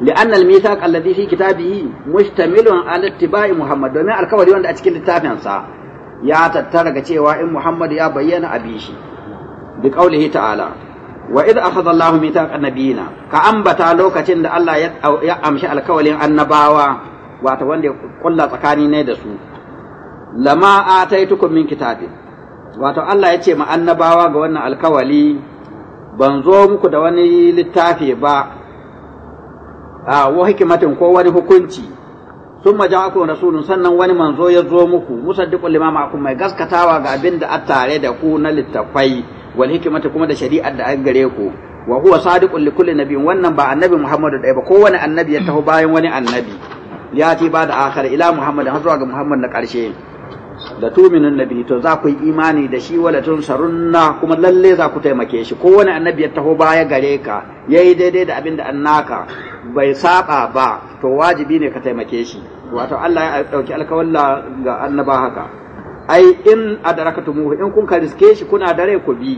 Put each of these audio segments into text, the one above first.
لأن الميثاق الذي في كتابه مشتمل على اتباع محمد domin alkawari wanda a cikin littafinsa ya tattara ga cewa in Muhammad ya bayyana a bishi bi qaulihi ta'ala wa idh akhadha Allahu mithaqan nabiyina ka ambata lokacin da Allah ya amshi alkawalin annabawa wato wanda ya kulla tsakanin ne da su lama ataitukum min kitabin wato Allah ya ce ma annabawa ga wannan alkawali ban zo muku da wani littafi ba wa hikimatin ko wani hukunci sun maja aku rasulun sannan wani manzo ya zo muku musaddiqul limama ma'akum mai gaskatawa ga abin da a tare da ku na littafai wal hikimata kuma da shari'ar da an gare ku wa huwa sadiqul li kulli nabiyyin wannan ba annabi Muhammadu ɗaya ba kowane annabi ya taho bayan wani annabi ya ti ba da akhir ila Muhammadin har zuwa ga Muhammad na karshe. da tu'minun nabi to za ku yi imani da shi wala sarunna kuma lalle za ku taimake shi ko wani annabi ya taho baya gare ka yayi daidai da abin da annaka bai saba ba to wajibi ne ka taimake shi wato Allah ya dauki alkawalla ga annaba haka ai in adrakatumuhu in kun ka riske shi kuna dare ku bi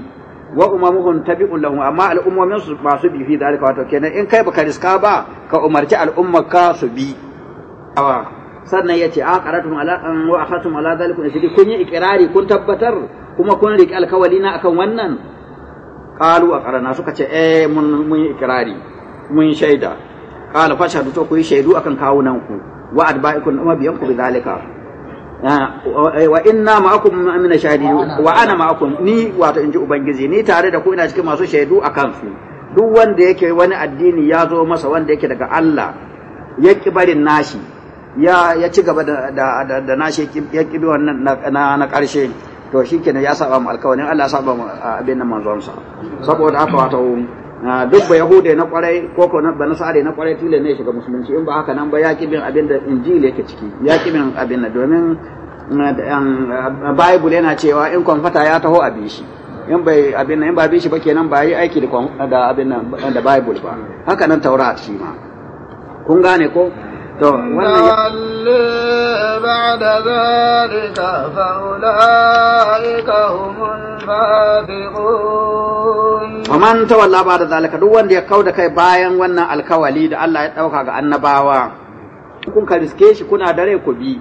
wa umamuhum tabi'un lahu amma al'ummomin su ba su bi fi dalika wato kenan in kai baka riska ba ka umarci ka su bi sannan ya ce a ah, qaratum ala an wa akhatum ala zalikum isri kun yi ikrari kun tabbatar kuma kun riƙe alkawali na akan wannan qalu karana suka ce eh mun mun yi ikrari mun shaida qala fashhadu to ku yi shaidu akan kawunan ku wa adba'ikum umabiyanku bidhalika ah, wa inna ma'akum Amina shahidin wa ana ma'akum ni wato inji ubangiji ni tare da ku ina cikin masu shaidu a kansu duk wanda yake wani addini ya zo masa wanda yake daga Allah ya ki barin nashi ya ya ci gaba da da da na shi ya kibi wannan na na na karshe to shikenan ya saba mu alkawarin Allah ya saba mu abin nan manzon sa saboda haka wato duk ba yahude na kwarai ko ko na sare na kwarai tile ne shiga musulunci in ba haka nan ba ya kibin abin da injili yake ciki ya kibin abin nan domin bible yana cewa in kwamfata ya taho a bishi in bai abin nan in ba bishi ba kenan ba yi aiki da abin nan da bible ba haka nan taurat shi ma kun gane ko بعد ذلك فأولئك هم الفاسقون ومن تولى بعد ذلك duk wanda ya kauda kai bayan wannan alkawali da Allah ya dauka ga annabawa kun ka riske shi kuna dare ku bi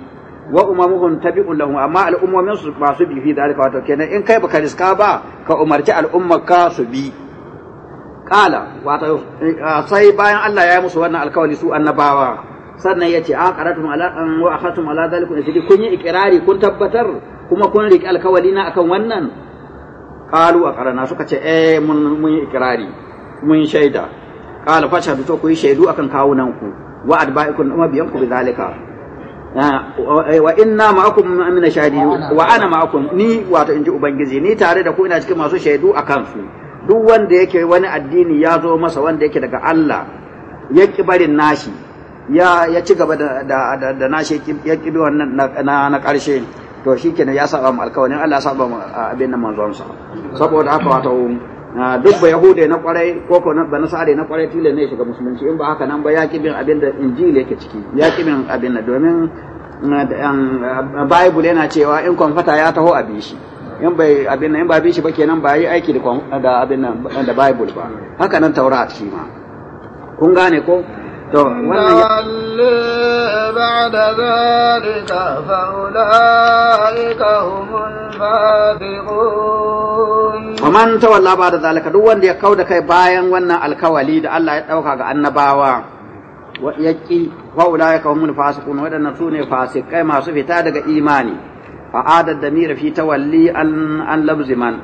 wa umamuhum tabi'un lahu amma al'ummomin su ba su bi fi dalika wato kenan in kai baka riska ba ka umarci ka su bi kala wato eh, sai bayan Allah ya yi musu wannan alkawali su annabawa sannan ya ce a ah, qaratum ala an wa akhatum ala zalikum yace kun yi ikirari kun tabbatar kuma kun riƙe alkawali na akan wannan qalu karana suka ce eh mun mun yi ikirari mun shaida qala fa shahadu ku yi shaidu akan kawunan ku wa adba'ikum mabiyan ku bizalika wa inna ma'akum min shahidin wa ana ma'akum ni wato inji ubangiji ni tare da ku ina cikin masu shaidu akan su duk wanda yake wani addini ya zo masa wanda yake daga Allah ya barin nashi ya ya ci gaba da da da shi ya kibi wannan na na karshe to shikenan ya saba mu alkawarin Allah saba mu abin nan manzon sa saboda haka wato duk ba yahude na kwarai ko ko bana sare na kwarai tile ne shiga musulunci in ba haka nan ba ya kibin abin da injili yake ciki ya kibin abin nan domin bible yana cewa in kwamfata ya taho a bishi in bai abin nan in ba bishi ba kenan ba yi aiki da abin nan da bible ba haka nan taurat shi ma kun gane ko to wannan ba'da zalika fa zalika duk wanda ya kauda kai bayan wannan alkawali da Allah ya ɗauka ga annabawa wa yaqi wa ulaika humul fasiqun wadannan sune fasikai masu fita daga imani fa da damira fi tawalli an an labziman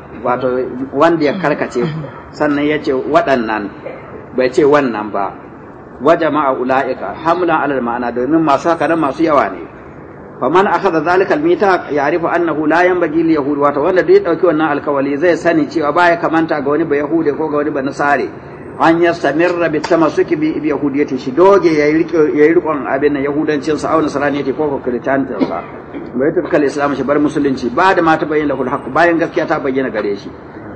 wanda ya karkace sannan yace waɗannan bai ce wannan ba wa jama'a ula'ika hamla alal ma'ana domin masu haka nan masu yawa ne faman akhadha zalika ya ya'rifu annahu la yanbaghi li yahud wa wanda duk dauki wannan alkawali zai sani cewa baya kamanta ga wani ba yahude ko ga wani ba nasare an ya samirra bi tamassuki bi bi yahudiyyati shi doge yayi yayi rikon abin nan yahudancin sa auna saraniyati ko ko kristantin sa bai tafkal islam shi bar musulunci ba da ma ta bayyana lahul haqq bayan gaskiya ta bayyana gare shi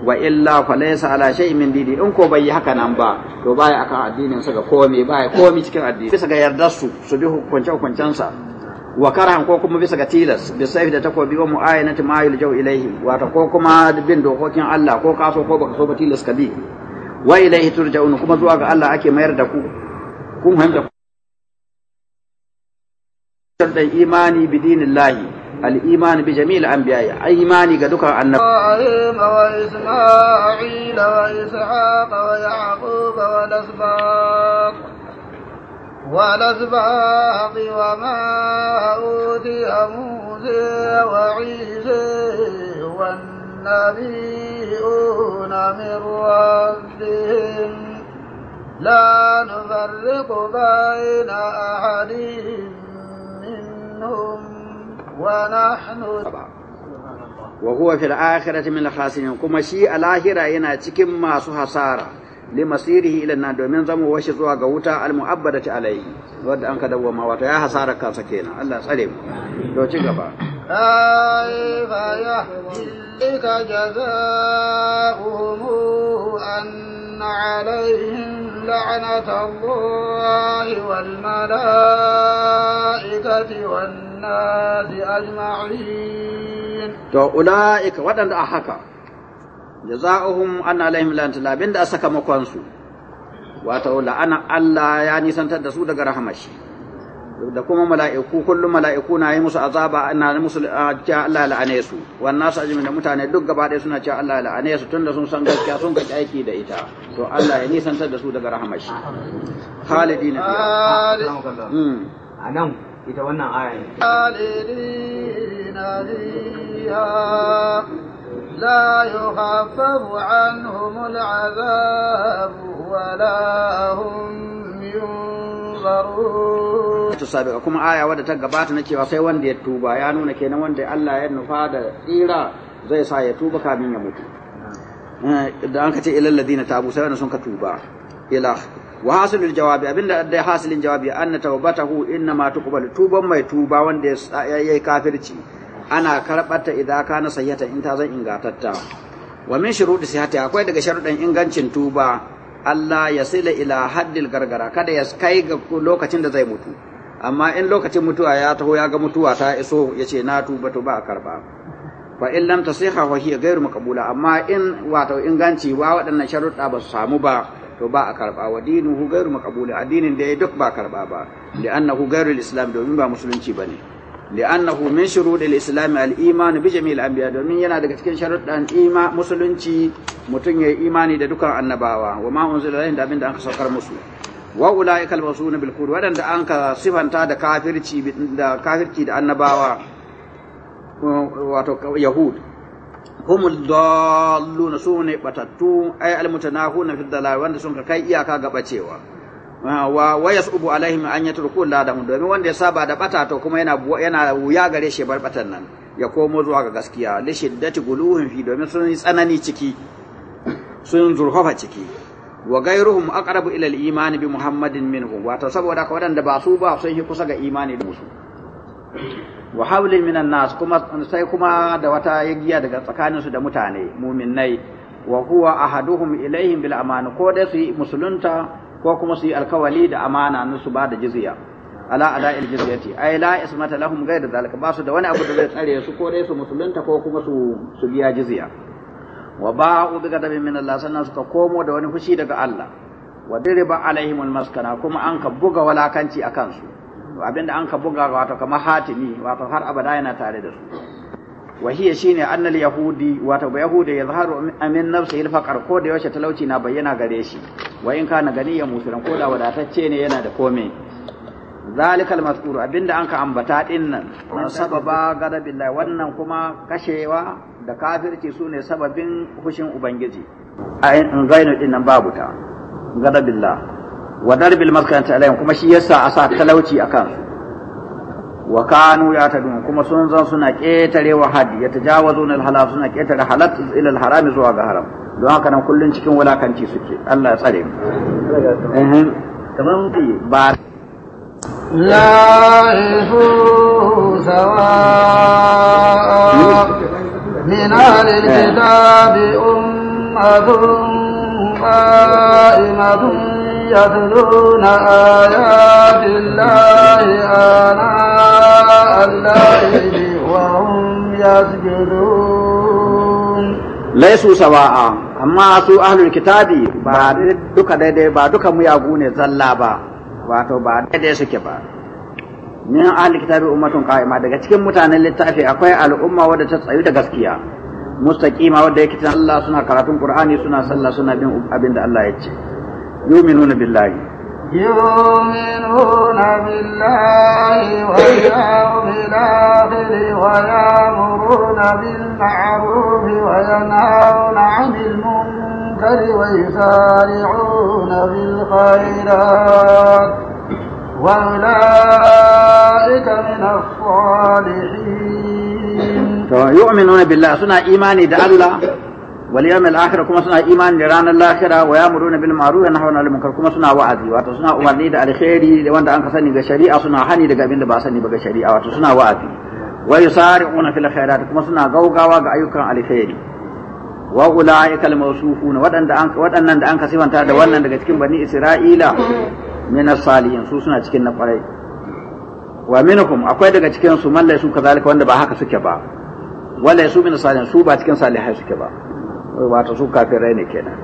wa illa fa laysa ala shay min dini in ko bai haka nan ba to baya akan addinin sa ga komai baya komai cikin addini bisa ga yardar su su bi hukunce hukuncen sa wa karahan ko kuma bisa ga tilas bi sayfi da takobi wa mu'ayanati ma yuljau ilaihi ta ko kuma bin dokokin Allah ko ka so ko baka so ba tilas ka bi wa ilaihi turja'un kuma zuwa ga Allah ake mayar da ku kun fahimta dan imani bi dinillahi الإيمان بجميع الأنبياء إيماني قدك عن إبراهيم وإسماعيل وإسحاق ويعقوب والأسباط والأسباط وما أوتي موسى وعيسى والنبيون من ربهم لا نفرق بين أحد منهم ونحن wa huwa fil akhirati min al-khasirin kuma shi a lahira yana cikin masu hasara li masirihi ila domin zama washe zuwa ga wuta al-mu'abbadati alayhi wanda an ka dawwama wato ya hasara kansa kenan Allah tsare mu to ci gaba kaifa yahdika jazaa'uhum an 'alayhim la'natullahi wal mala'ikati wan الناس أجمعين تو أولئك ودن أحكا جزاؤهم أن عليهم لعنة بند makon su wato la'ana Allah ya nisantar da su daga rahamashi da kuma mala'iku kullum mala'iku na yi musu azaba na musu cewa Allah la'ane su wannan su ajimi da mutane duk gaba ɗaya suna cewa Allah la'ane su tunda sun san gaskiya sun ga aiki da ita to Allah ya nisantar da su daga rahamashi khalidina hmm. a nan ita wannan aya ne alilina fiha la yukhaffafu anhum wa la hum kuma aya wadda ta gabata na cewa sai wanda ya tuba ya nuna kenan wanda Allah ya nufa da tsira zai sa ya tuba kamin ya mutu eh, da an ka ce ilal ladina tabu sai wanda sun ka tuba ila وحاصل الجواب أبن لدي حاصل الجواب أن توبته إنما تقبل توبا ما توبا وان دي كافرتي أنا كربت إذا كان صحيحة إنت زي إنغاتتا ومن شروط صحتها akwai daga شروط ingancin توبا Allah ya sila ila haddil gargara kada ya kai ga lokacin da zai mutu amma in lokacin mutuwa ya taho ya ga mutuwa ta iso ya ce na tuba to ba karba fa in lam tasiha wa hiya ghairu maqbula amma in wato inganci ba sharuɗa ba su samu ba to ba a karba wa dinuhu gairu maqbul addinin da ya duk ba karba ba annahu gairu alislam domin ba musulunci bane li'annahu min shurudil islam al-iman bi jami'il anbiya domin yana daga cikin sharuɗan ima musulunci mutum yayi imani da dukan annabawa wa ma unzila ilayhim da abin da an saukar musu wa ulaika al-mawsuuna bil qur wadanda an ka sifanta da kafirci da kafirci da annabawa wato yahud هم الضالون su ne batattu المتناهون في fi dalal wanda sun kai iyaka ga bacewa wa wa yasubu alaihim an yatruku la da domin wanda ya saba da bata to kuma yana yana wuya gare shi bar batan nan ya komo zuwa ga gaskiya li shiddati guluhin fi domin sun tsanani ciki sun zurfafa ciki wa gairuhum aqrabu ila al-iman bi muhammadin minhum to saboda ka wadanda ba su ba sun yi kusa ga imani da musu wa haulin minan nas kuma sai kuma da wata yagiya daga tsakaninsu da mutane muminai wa huwa ahaduhum ilaihim bil amana ko dai su musulunta ko kuma su yi alkawali da amana na su ba da jizya ala ada il jizyati ay la ismata lahum ghayr zalika ba su da wani abu da zai tsare su ko dai su musulunta ko kuma su su biya jizya wa ba'u bi ghadabin min Allah sannan suka komo da wani fushi daga Allah wa diriba alaihim al maskana kuma an ka buga walakanci akan su abinda an ka buga wato kamar hatimi wato har abada yana tare da su wa shine annal yahudi wato ba yahudi zaharu amin nafsihi al ko da yaushe talauci na bayyana gare shi wa in kana ya musulun ko da wadatacce ne yana da komai zalika al-mazkur abinda an ka ambata din nan sababa billahi wannan kuma kashewa da kafirci sune sababin hushin ubangiji a zainu din nan babu ta wa darbil maskanati alaihim kuma shi yasa a sa talauci a kansu wa kanu ya yatadun kuma sun zan suna ketare wa hadi yatajawazuna al halal suna ƙetare halal ila al haram zuwa ga haram don haka nan kullun cikin wulakanci suke Allah ya tsare mu eh kaman ba لا سواء من أهل الكتاب أمة قائمة يتلون آيات الله آناء الليل وهم يسجدون ليسوا سواء amma su ahlul kitabi ba duka daidai ba duka muyagu ne zalla ba wato ba daidai suke ba min ahlul kitabi ummatun qa'ima daga cikin mutanen littafi akwai al'umma wadda ta tsayu da gaskiya mustaqima wadda yake Allah suna karatun Qur'ani suna sallah suna bin abin Allah ya ce yu'minuna billahi يؤمنون بالله واليوم الآخر ويأمرون بالمعروف وينهون عن المنكر ويسارعون بالخيرات وأولئك من الصالحين. يؤمنون بالله صنع إيماني ده الله wal yawmil akhir kuma suna imani da ranar lahira wa yamuruna bil ma'ruf wa nahawna 'anil munkar kuma suna wa'azi wato suna umarni da alkhairi da wanda an ka sani ga shari'a suna hani daga abin da ba sani ba ga shari'a wato suna wa'azi wa yusari'una fil khairat kuma suna gaugawa ga ayyukan alkhairi wa ulaika al mawsufuna wadanda an wadannan da an ka sifanta da wannan daga cikin bani isra'ila min as-salihin su suna cikin na kwarai wa minhum akwai daga cikin su mallai su kazalika wanda ba haka suke ba wala su min salihin su ba cikin salihai suke ba wato su kafirai ne kenan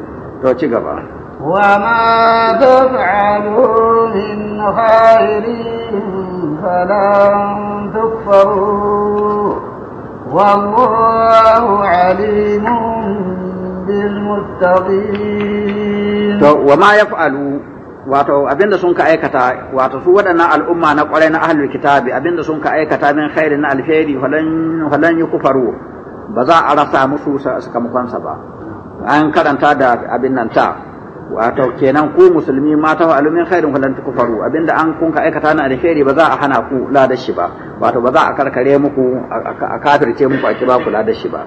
to ci gaba وما تفعلوا من خير فلن bil muttaqin to wa ma yaf'alu wato abinda sun ka aikata wato su waɗannan al'umma na ƙwarai na ahlul kitabi abinda sun ka aikata min khairin alheri falan falan yukfaru ba za a rasa musu sakamakonsa ba an karanta da abin nan ta wato kenan ku musulmi ma ta fa'alu min khairin falan tukfaru abinda an kun ka aikata na alheri ba za a hana ku ladar shi ba wato ba za a karkare muku a kafirce muku a kiba ku ladar shi ba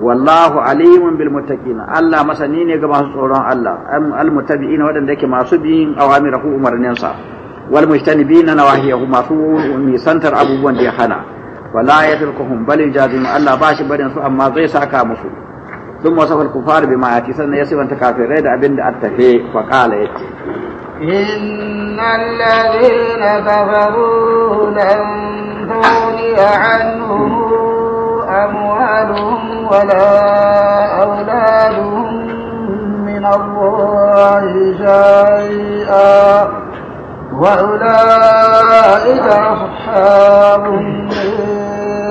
wallahu alimun bil muttaqin Allah masani ne ga masu tsoron Allah al muttabi'ina wadanda yake masu bin awamirahu umarninsa wal mujtanibina nawahiyahu masu nisantar abubuwan da ya hana wa la yatrukuhum bal yajazim Allah ba shi barin su amma zai saka musu sun wasafa al-kufar bima sannan ya sifanta kafirai da abin da attafe fa qala yati innal ladina kafaru lam tuni anhum amwaluhum wa la auladuhum min Allah shay'a wa ulai ka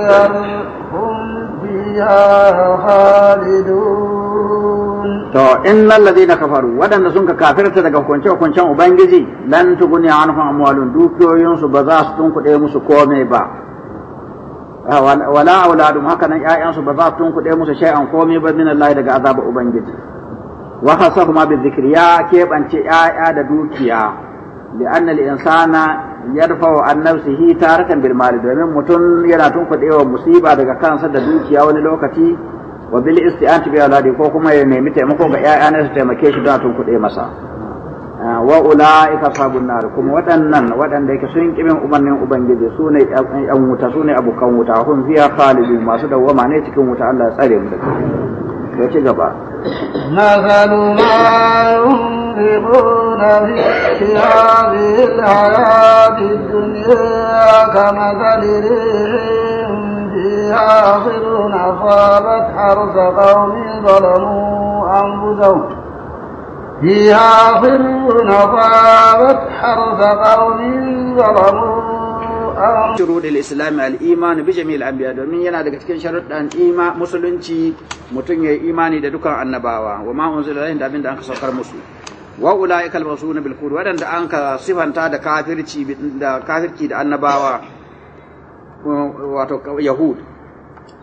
هم فيها خالدون to innal ladina kafaru wadanda sun ka kafirta daga hukunce hukuncen ubangiji lan tuguni anhum amwalun dukiyoyin su ba za su tunkuɗe musu komai ba wala auladum haka nan ƴaƴan su ba za su tunkuɗe musu shay'an komai ba min Allah daga azaba ubangiji wa hasahuma bi dhikri ya keɓance ƴaƴa da dukiya li anna al insana yarfa annabsi hi tarakan bil mali domin mutum yana wa musiba daga kansa da dukiya wani lokaci wa bil isti'anti bi auladi ko kuma ya nemi taimako ga ƴaƴana su taimake shi don tunkuɗe masa ah, wa ulaika sabun nar kuma waɗannan waɗanda yake sun kimin umarnin ubangiji su ne ƴan wuta su ne abokan wuta hun fiya khalidu masu dawwama ne cikin wuta Allah ya tsare mu da ya ci gaba masalu ma ينفقون في الدنيا كمثل ريح فيها صر أصابت حرث قوم ظلموا أنفسهم فيها صر أصابت حرث قوم ظلموا shurudul islami al iman bi jami'il anbiya domin yana daga cikin sharuɗan ima musulunci mutum ya imani da dukan annabawa wa ma unzila ilayhim da abin da an saukar musu wa ulaika al mawsuuna bil kufr wadanda an ka sifanta da kafirci da kafirci da annabawa wato yahud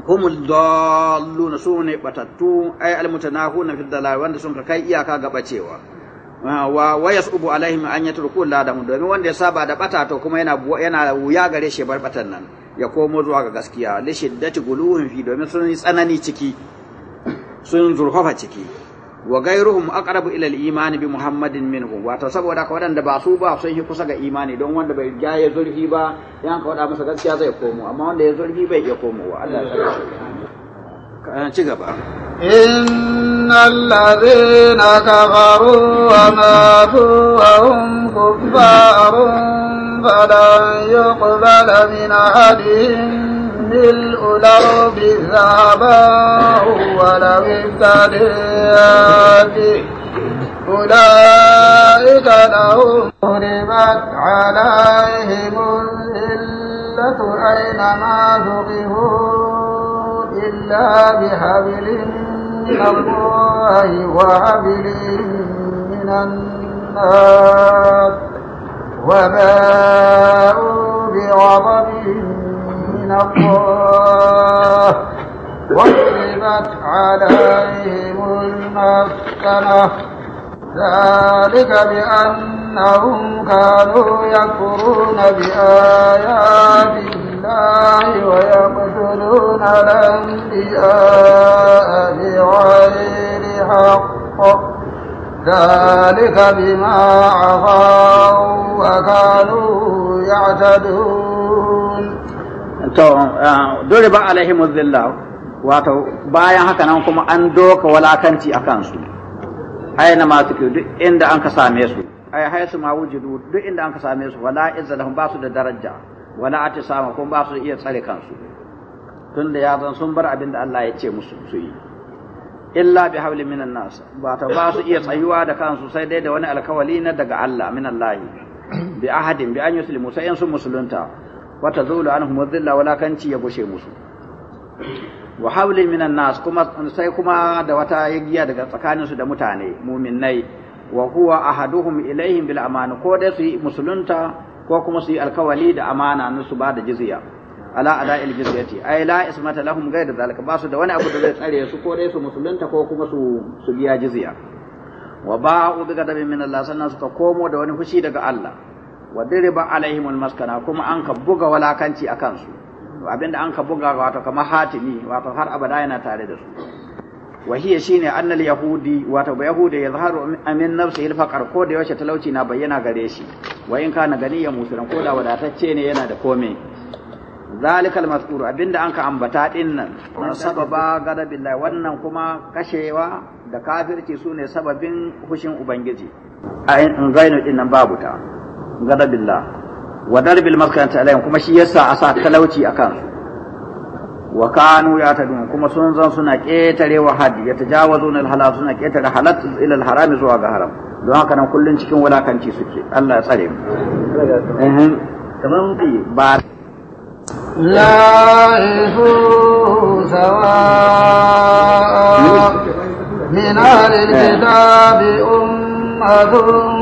humul dalluna sune batattu ay al mutanahuna fi dalal wanda sun kai iyaka ga bacewa Ah, wa wa yasubu alaihim an yatruku ladamu domin wanda ya saba da bata to kuma yana yana wuya gare shi bar batan nan ya komo zuwa ga gaskiya li shiddati guluhin fi domin sun tsanani ciki sun zurfafa ciki wa gairuhum aqrabu ila al-iman bi muhammadin minhum wato saboda ka wadanda ba su ba sun yi kusa ga imani don wanda bai ga ya zurfi ba yan ka wada masa gaskiya zai komo amma wanda ya zurfi bai iya komowa Allah ya eh, ci gaba إن الذين كفروا وماتوا وهم كفار فلن يقبل من أحدهم ملء الأرض ذهبا ولو ابتدى أولئك لهم حرمت عليهم الذلة أينما ثقفوا إلا بحبل من الله وحبل من الناس وباءوا بغضب من الله وضربت عليهم المسكنة ذلك بأنهم كانوا يكفرون بآياته الله ويقتلون الأنبياء بغير حق ذلك بما عصوا وكانوا يعتدون ضرب عليهم الذلة wato bayan haka nan kuma an doka walakanci a kansu aina ma suke duk inda an ka same su ai haisu ma wujudu duk inda an ka same su wala izza lahum ba su da daraja Wani atisama kun ba su iya tsare kansu da ya zan sun bar abin da Allah ya ce musu su yi illa bi hablin minan nas ba ta ba su iya tsayuwa da kansu sai dai da wani alkawali na daga Allah min Allah bi ahadin bi an yuslimu sai sun musulunta wa tazulu anhum dhilla wala kanci ya gushe musu wa hablin minan nas kuma sai kuma da wata yagiya daga tsakaninsu da mutane mu'minnai wa huwa ahaduhum ilaihim bil aman ko dai su musulunta ko kuma su yi alkawali da amana na su ba da jizya ala ada il jizyati ay la ismata lahum ghayra zalika ba su da wani abu da zai tsare su ko dai su musulunta ko kuma su su biya jizya wa ba'u bi gadabin min Allah sannan suka komo da wani fushi daga Allah wa diriba alaihim almaskana kuma an ka buga walakanci akan su abinda an ka buga wato kamar hatimi wato har abada yana tare da su wahiya shine annal yahudi wata ba yahudi ya zaharu amin nafsi faqar ko da yaushe talauci na bayyana gare shi wa na gani ya musulun ko wadatacce ne yana da komai zalikal mazkur abinda anka ambata din nan sababa gadabin lahi wannan kuma kashewa da kafirci sune sababin hushin ubangiji a in gainu din nan babu ta gadabin lahi wa darbil maskanta alayhim kuma shi yasa a sa talauci akan su wa kanu ya tadun kuma sun zan suna ƙetare wa hadi ya tajawazu na halal suna ƙetare halal ila harami zuwa ga haram don haka nan kullun cikin wulakanci suke Allah ya tsare mu eh bi ba la ihu sawa min al-kitabi ummatun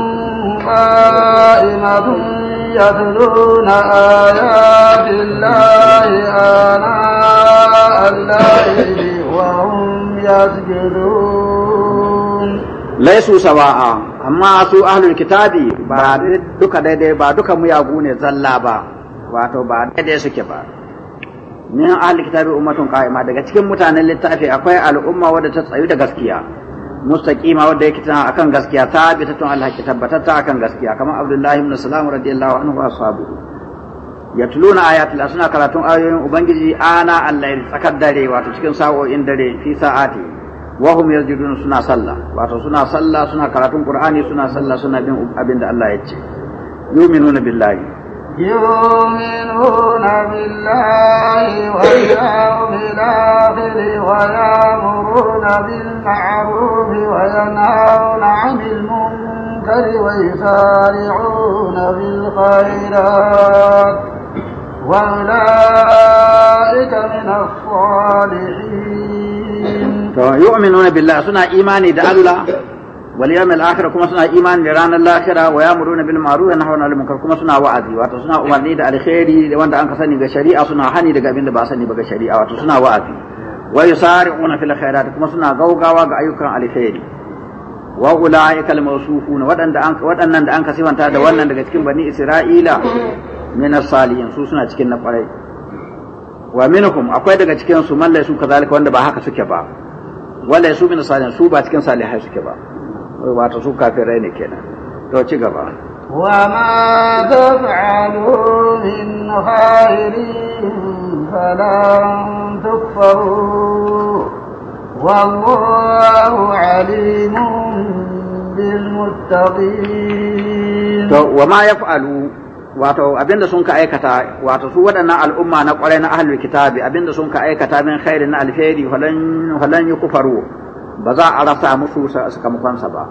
يتلون آيات الله آناء الليل وهم يسجدون ليسوا سواء amma su ahlul kitabi ba duka daidai ba duka wato ba daidai suke ba min ahlul kitabi ummatun qa'ima daga cikin mutanen littafi akwai al'umma wadda ta tsayu da gaskiya mustaqima wadda yake tana akan gaskiya sabitatun Allah ki tabbatata akan gaskiya kamar Abdullahi ibn Salam radiyallahu anhu wa ashabu yatluna ayatul suna karatun ayoyin ubangiji ana Allah tsakar dare wato cikin sa'o'in dare fi sa'ati wa hum yajidun suna sallah wato suna sallah suna karatun qur'ani suna sallah suna bin abinda Allah ya ce yu'minuna billahi يؤمنون بالله واليوم الآخر ويأمرون بالمعروف وينهون عن المنكر ويسارعون في الخيرات وأولئك من الصالحين يؤمنون بالله سنة إيماني دعا واليوم الاخر كما kuma suna imani da ranar بالمعروف wa عن المنكر كما سنا وعدي واتو سنا kuma suna wa'azi wato suna umarni da ده da wanda an ka sani ga shari'a suna hani daga abin da ba sani ba ga shari'a wato suna wa'azi ايوكان الخير واولئك الموصوفون kuma suna gaugawa ga ayyukan alheri wa ulaika al da an ka wannan daga cikin bani isra'ila من الصالحين su suna cikin na ƙwarai wa minhum akwai daga cikin su mallai su kazalika wanda ba haka suke ba wala su min salihin su ba cikin salihai suke ba wato su kafirai ne kenan to ci gaba wa ma taf'alu min من خير tukfaru wallahu alimun bil muttaqin to wa ma yaf'alu wato abinda sun ka aikata wato su waɗannan al'umma na ƙwarai na ahlul kitabi abinda sun ka aikata min khairin alheri falan falan yukfaru ba za a rasa musu sakamakonsa ba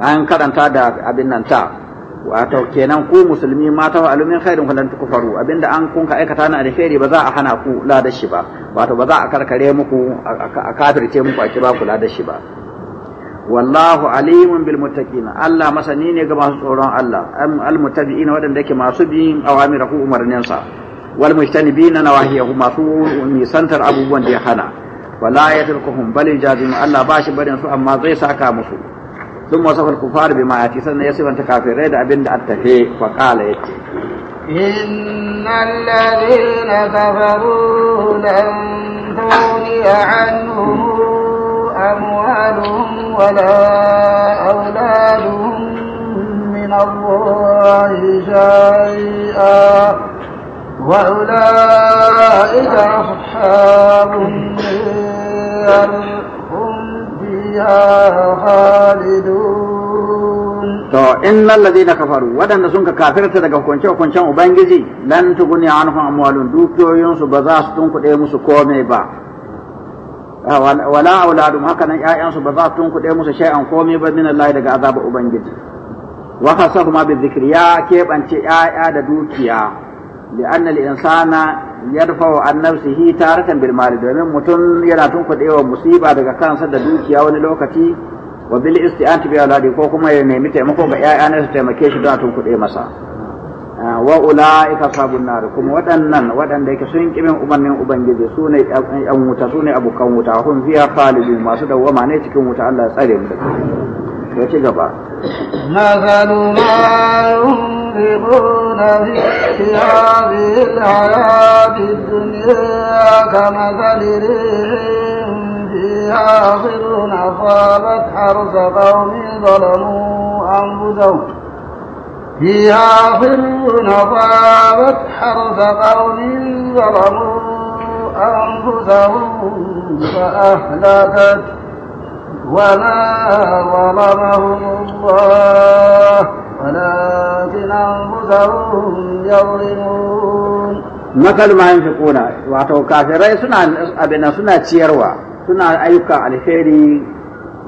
an karanta da abin nan ta wato kenan ku musulmi ma ta alumin khairin kullun tukfaru abinda an kun ka aikata na alheri ba za a hana ku la shi ba wato ba za a karkare muku a kafirce muku a kiba ku la shi ba wallahu alimun bil muttaqin Allah masani ne ga masu tsoron Allah al muttabi'in wadanda yake masu bi awamirahu umarninsa wal mujtanibina nawahiyahu masu nisantar abubuwan da ya hana ولا يتركهم بل bal الله باش بدن shi barin زي ساكا مسو ثم وصف الكفار بما ياتي سنة يصف انت كافر ريد أبن أتفي فقال يتي إن الذين كفروا لن تغني عنهم أموالهم ولا أولادهم من الله شيئا وأولئك أصحاب النار هم فيها خالدون to innal ladina kafaru wadanda sun ka kafirta daga hukunce hukuncen ubangiji lan tuguni anhum amwalun dukiyoyin su ba za su tunkuɗe musu komai ba ah, wala auladum haka nan ƴaƴan su ba za su tunkuɗe musu shay'an komai ba min Allah daga azabar ubangiji wa khasahuma bi dhikri ya keɓance ƴaƴa da dukiya li anna al insana yarfa wa annabsi hi taratan bil mali domin mutum yana wa musiba daga kansa da dukiya wani lokaci wa bil isti'anti bi auladi ko kuma ya nemi taimako ga ƴaƴa su taimake shi don a tunkuɗe masa wa ulaika sabun nar kuma waɗannan waɗanda yake sun kimin umarnin ubangiji su ne ƴan wuta su ne abokan wuta hun fiya khalidun masu dawwama ne cikin wuta Allah ya tsare mu ya ci gaba masalu ma ينفقون في هذه الحياة الدنيا كمثل ريح فيها صر أصابت حرث قوم ظلموا أنفسهم فيها صر أصابت حرث قوم ظلموا أنفسهم فأهلكت وما ظلمهم الله ولكن أنفسهم يظلمون مثل ما ينفقون واتو كافرين سنة أبنا سنة ciyarwa suna ayyukan alheri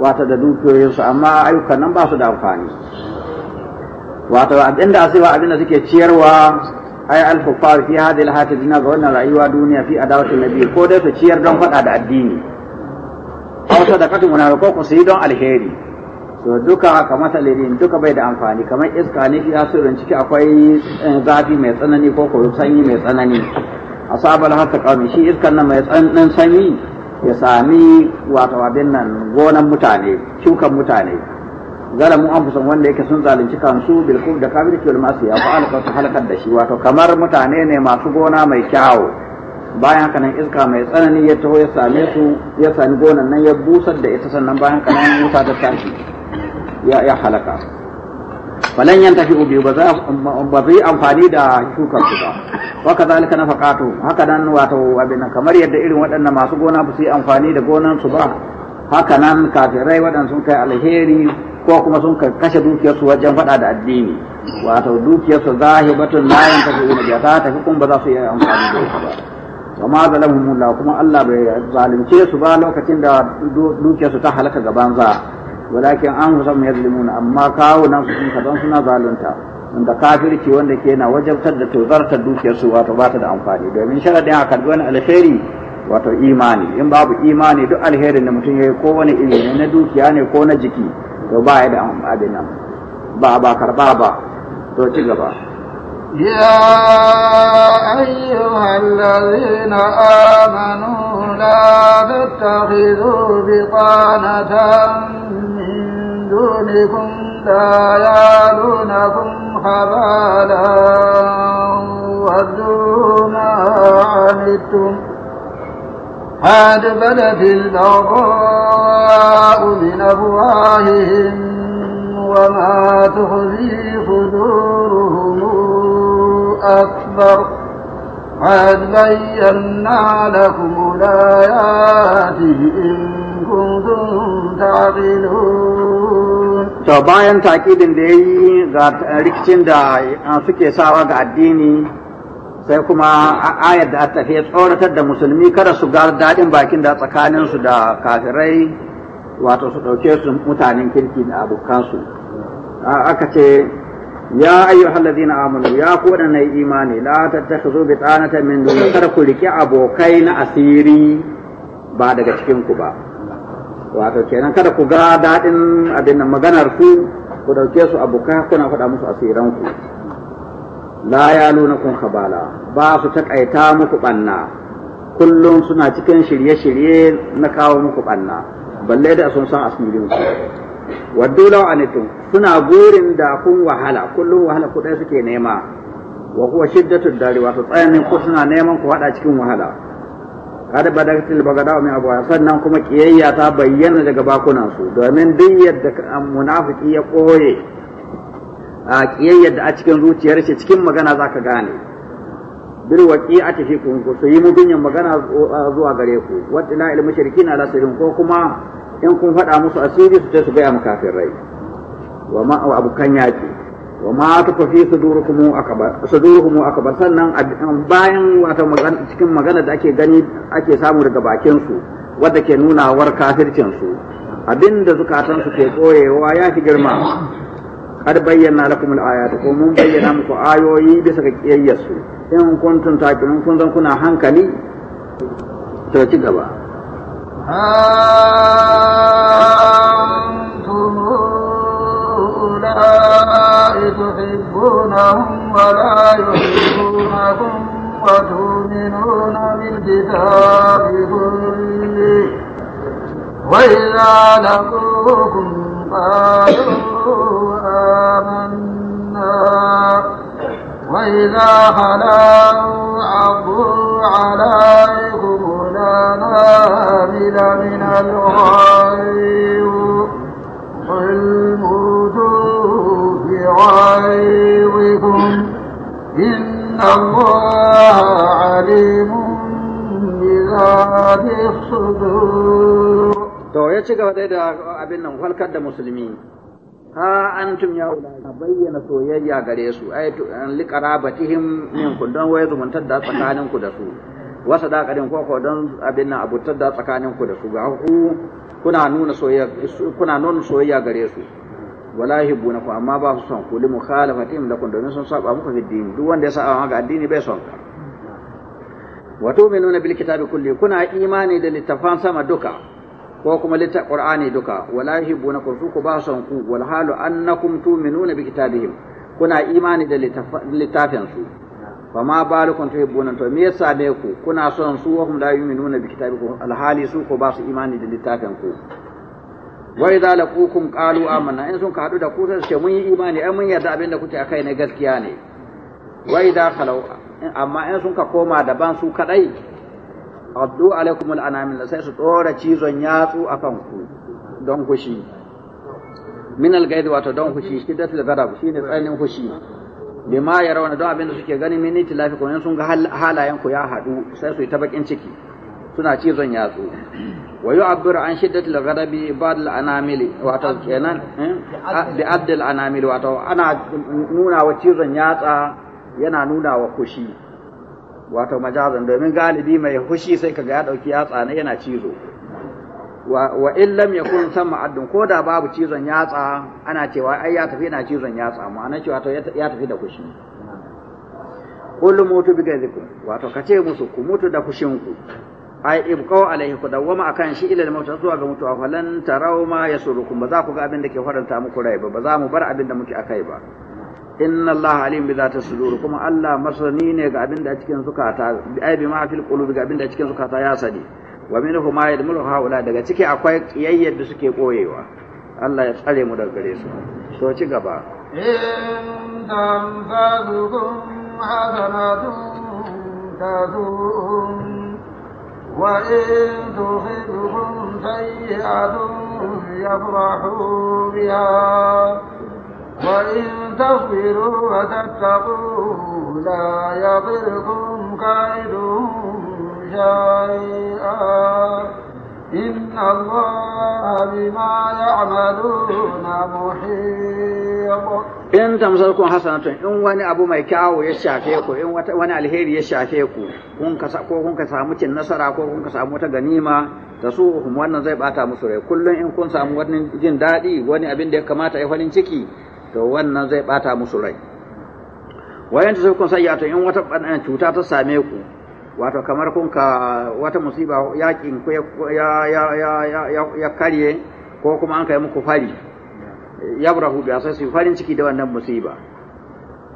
wata da dukiyoyinsu amma ayyukan nan ba su da amfani wato abinda asiba abinda suke ciyarwa ay alfufar fi hadhihi alhayati dunya ga wannan rayuwa duniya fi na biyu, ko dai su ciyar don faɗa da addini aw sadaqatu munar ko sai don alheri to duka kamar talibin duka bai da amfani kamar iska ne ya sirrin ciki akwai eh, zafi mai tsanani ko ko sanyi mai tsanani asabal hatta qawmi shi iskan nan mai tsananin sanyi ya sami wato abin nan gonan mutane shukan mutane an fusan wanda yake sun zalunci kansu bil kuf da kafirci wal masiya fa alqa halakar da shi wato kamar mutane ne masu gona mai kyawu bayan haka nan iska mai tsanani ya taho ya same su ya sami gonan nan ya busar da ita sannan bayan haka nan wuta ta tashi ya ya halaka falan yan tafi ubi ba za ba amfani da shukar su ba wa na nafaqatu haka nan wato abin kamar yadda irin waɗannan masu gona ba su yi amfani da gonan su ba haka nan kafirai waɗanda sun kai alheri ko kuma sun kashe dukiyarsu wajen faɗa da addini wato su zahibatun la ba za ta tafi kun ba za su yi amfani da ita ba wa ma zalamuhum la kuma Allah bai zalunce su ba lokacin da duke su ta halaka gaban za walakin an husam yazlimuna amma kawo nan su don suna zalunta da kafirci wanda ke na wajabtar da tozarta dukiyar su wato ba ta da amfani domin sharadin a karbi wani alheri wato imani in babu imani duk alherin da mutum ya yi ko wani iri na dukiya ne ko na jiki to ba ya da abin nan ba ba karba ba to ci gaba يا أيها الذين آمنوا لا تتخذوا بطانة من دونكم لا يالونكم خبالا ودوا ما عنتم قد بدت البغاء من أفواههم وما تخزي صدورهم أكبر قد بينا لكم الآيات إن كنتم تعقلون to bayan takidin da yayi ga rikicin da suke sawa ga addini sai kuma ayar da ta fi tsoratar da musulmi kada su gar daɗin bakin da tsakaninsu da kafirai wato su ɗauke su mutanen kirki da abokansu aka ce ya ayyuhal ladina amanu ya ku wadanda imani la tattakhudhu bi tsanata min dun kar ku rike abokai na asiri ba daga cikin ku ba wato kenan kada ku ga daɗin abin nan maganar ku ku dauke su abokai kuna faɗa musu asiran ku la kun khabala ba su takaita muku ɓanna kullum suna cikin shirye-shirye na kawo muku ɓanna balle da sun san asirin ku waddu law anitum suna gurin da kun wahala kullum wahala ku dai suke nema wa huwa shiddatu dari wato tsayanin ku suna neman ku hada cikin wahala kada badaktil bagada min abu sannan kuma kiyayya ta bayyana daga bakunan su domin duk yadda munafiki ya koye a ƙiyayyar da a cikin zuciyar shi cikin magana zaka gane bil waqi fi ku yi mugunyan magana zuwa gare ku wa ila al mushrikin ala sirin ko kuma in kun faɗa musu asiri su sai su gaya rai, wa ma wa abukan yaƙi wa ma tuka fi sudurukum akbar sudurukum akbar sannan bayan wata magana cikin magana da ake gani ake samu daga bakin su wadda ke nuna war kafircin su abinda zukatan su ke koyewa ya fi girma bayyana قد بينا bayyana الآيات ومن bisa مكو آيوي بسك ta kun zan kuna hankali to ci gaba. أنتم أولئك تحبونهم ولا يحبونكم وتؤمنون بالكتاب كله وإذا لقوكم قالوا آمنا وإذا خلوا عضوا عليكم والمنازل من الغيب قل موتوا بغيظكم إن الله عليم بذات الصدور To ya ci gaba da abin nan halkar da musulmi, ha an tum ya bayyana soyayya gare su, ai, an liƙara batihim min don wai zumuntar da tsakaninku da su. Wasu da koko don abin nan abutar da tsakanin ku da su ga ku kuna nuna soyayya kuna nuna soyayya gare su wala yuhibbuna ku amma ba su son ku li mukhalafatin lakum domin sun saba muku fi dini duk wanda ya saba ga addini bai son ka wa tu'minuna bil kitabi kulli kuna imani da littafan sama duka ko kuma litta qur'ani duka wala yuhibbuna ku su ku ba son ku wal halu annakum tu'minuna bi kitabihim kuna imani da littafin su fa ma balukum tuhibbuna to me yasa ne ku kuna son su wa hum la yu'minuna bi kitabikum alhali su ko ba su imani da littafin ku wa idza laqukum qalu amanna in sun hadu da ku sai ce mun yi imani ai mun yarda abinda da kuke akai ne gaskiya ne wa idza khalu amma in sun ka koma daban su kadai addu alaikum al'anamin sai su tsora cizon yatsu akan ku don kushi min al wato don kushi shiddatul ghadab shine tsanin kushi lima ya rauna don abin da suke gani miniti lafi kuma sun ga halayen ku ya haɗu sai su yi ta bakin ciki suna cizon yatsu wa yu'abbiru an shiddati al-ghadabi ba'd al-anamil wato kenan eh, bi add anamili wato ana nuna wa cizon yatsa yana nuna wa kushi wato majazan domin galibi mai hushi sai kaga ya dauki yatsa ne yana cizo wa in lam yakun sama addun ko da babu cizon yatsa ana cewa ai ya tafi yana cizon yatsa mu ana cewa to ya tafi da kushi kullu mutu bi gaizikum wato kace musu ku mutu da kushin ku ai ibqau alaihi ku dawama akan shi ilal mauta zuwa ga mutuwa falan tarau ma yasurukum ba za ku ga abin da ke faranta muku rai ba ba za mu bar abin da muke akai ba inna Allah alim bi zati sudur kuma Allah masani ne ga abin da cikin zukata ai bi ma fil qulubi ga abin da cikin zukata ya sani wa minhu ma yadmulu haula daga ciki akwai kiyayyar da suke koyewa Allah ya tsare mu daga gare su to ci gaba in tanfazukum hasanatun tadun wa in tuhibukum sayyi'atun yafrahu biha وإن تصبروا وتتقوا لا يضركم كيدهم شيئا إن الله بما يعملون محيط in tamsarkun tun in wani abu mai kyawo ya shafe ku in wani alheri ya shafe ku kun ka ko kun ka samu cin nasara ko kun ka samu wata ganima da su wannan zai bata musu rai kullum in kun samu wani jin daɗi wani abin da ya kamata ya farin ciki to wannan zai bata musu rai wayan tasarkun sayyatun in wata cuta ta same ku wato kamar kun ka wata musiba yakin ku ya ya ya ya karye ko kuma an kai muku fari yabrahu bi sai su farin ciki da wannan musiba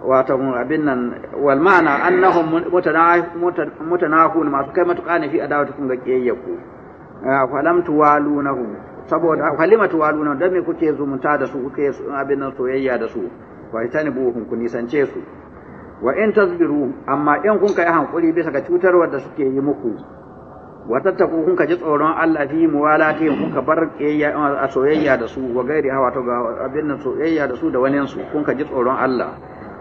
wato abin nan wal ma'ana annahum mutanahun masu kai matuƙa ne fi adawatu kun ga kiyayyaku falam tuwalunahu saboda falima tuwalunahu dan me kuke zumunta da su kuke abin nan soyayya da su fa buhun ku nisance su wa in tasbiru amma in kun kai hankuri bisa ga cutarwar da suke yi muku wa tattaku kun ji tsoron Allah fi muwalati kun ka bar a soyayya da su wa gairi hawa to ga abin nan soyayya da su da wani su kun ji tsoron Allah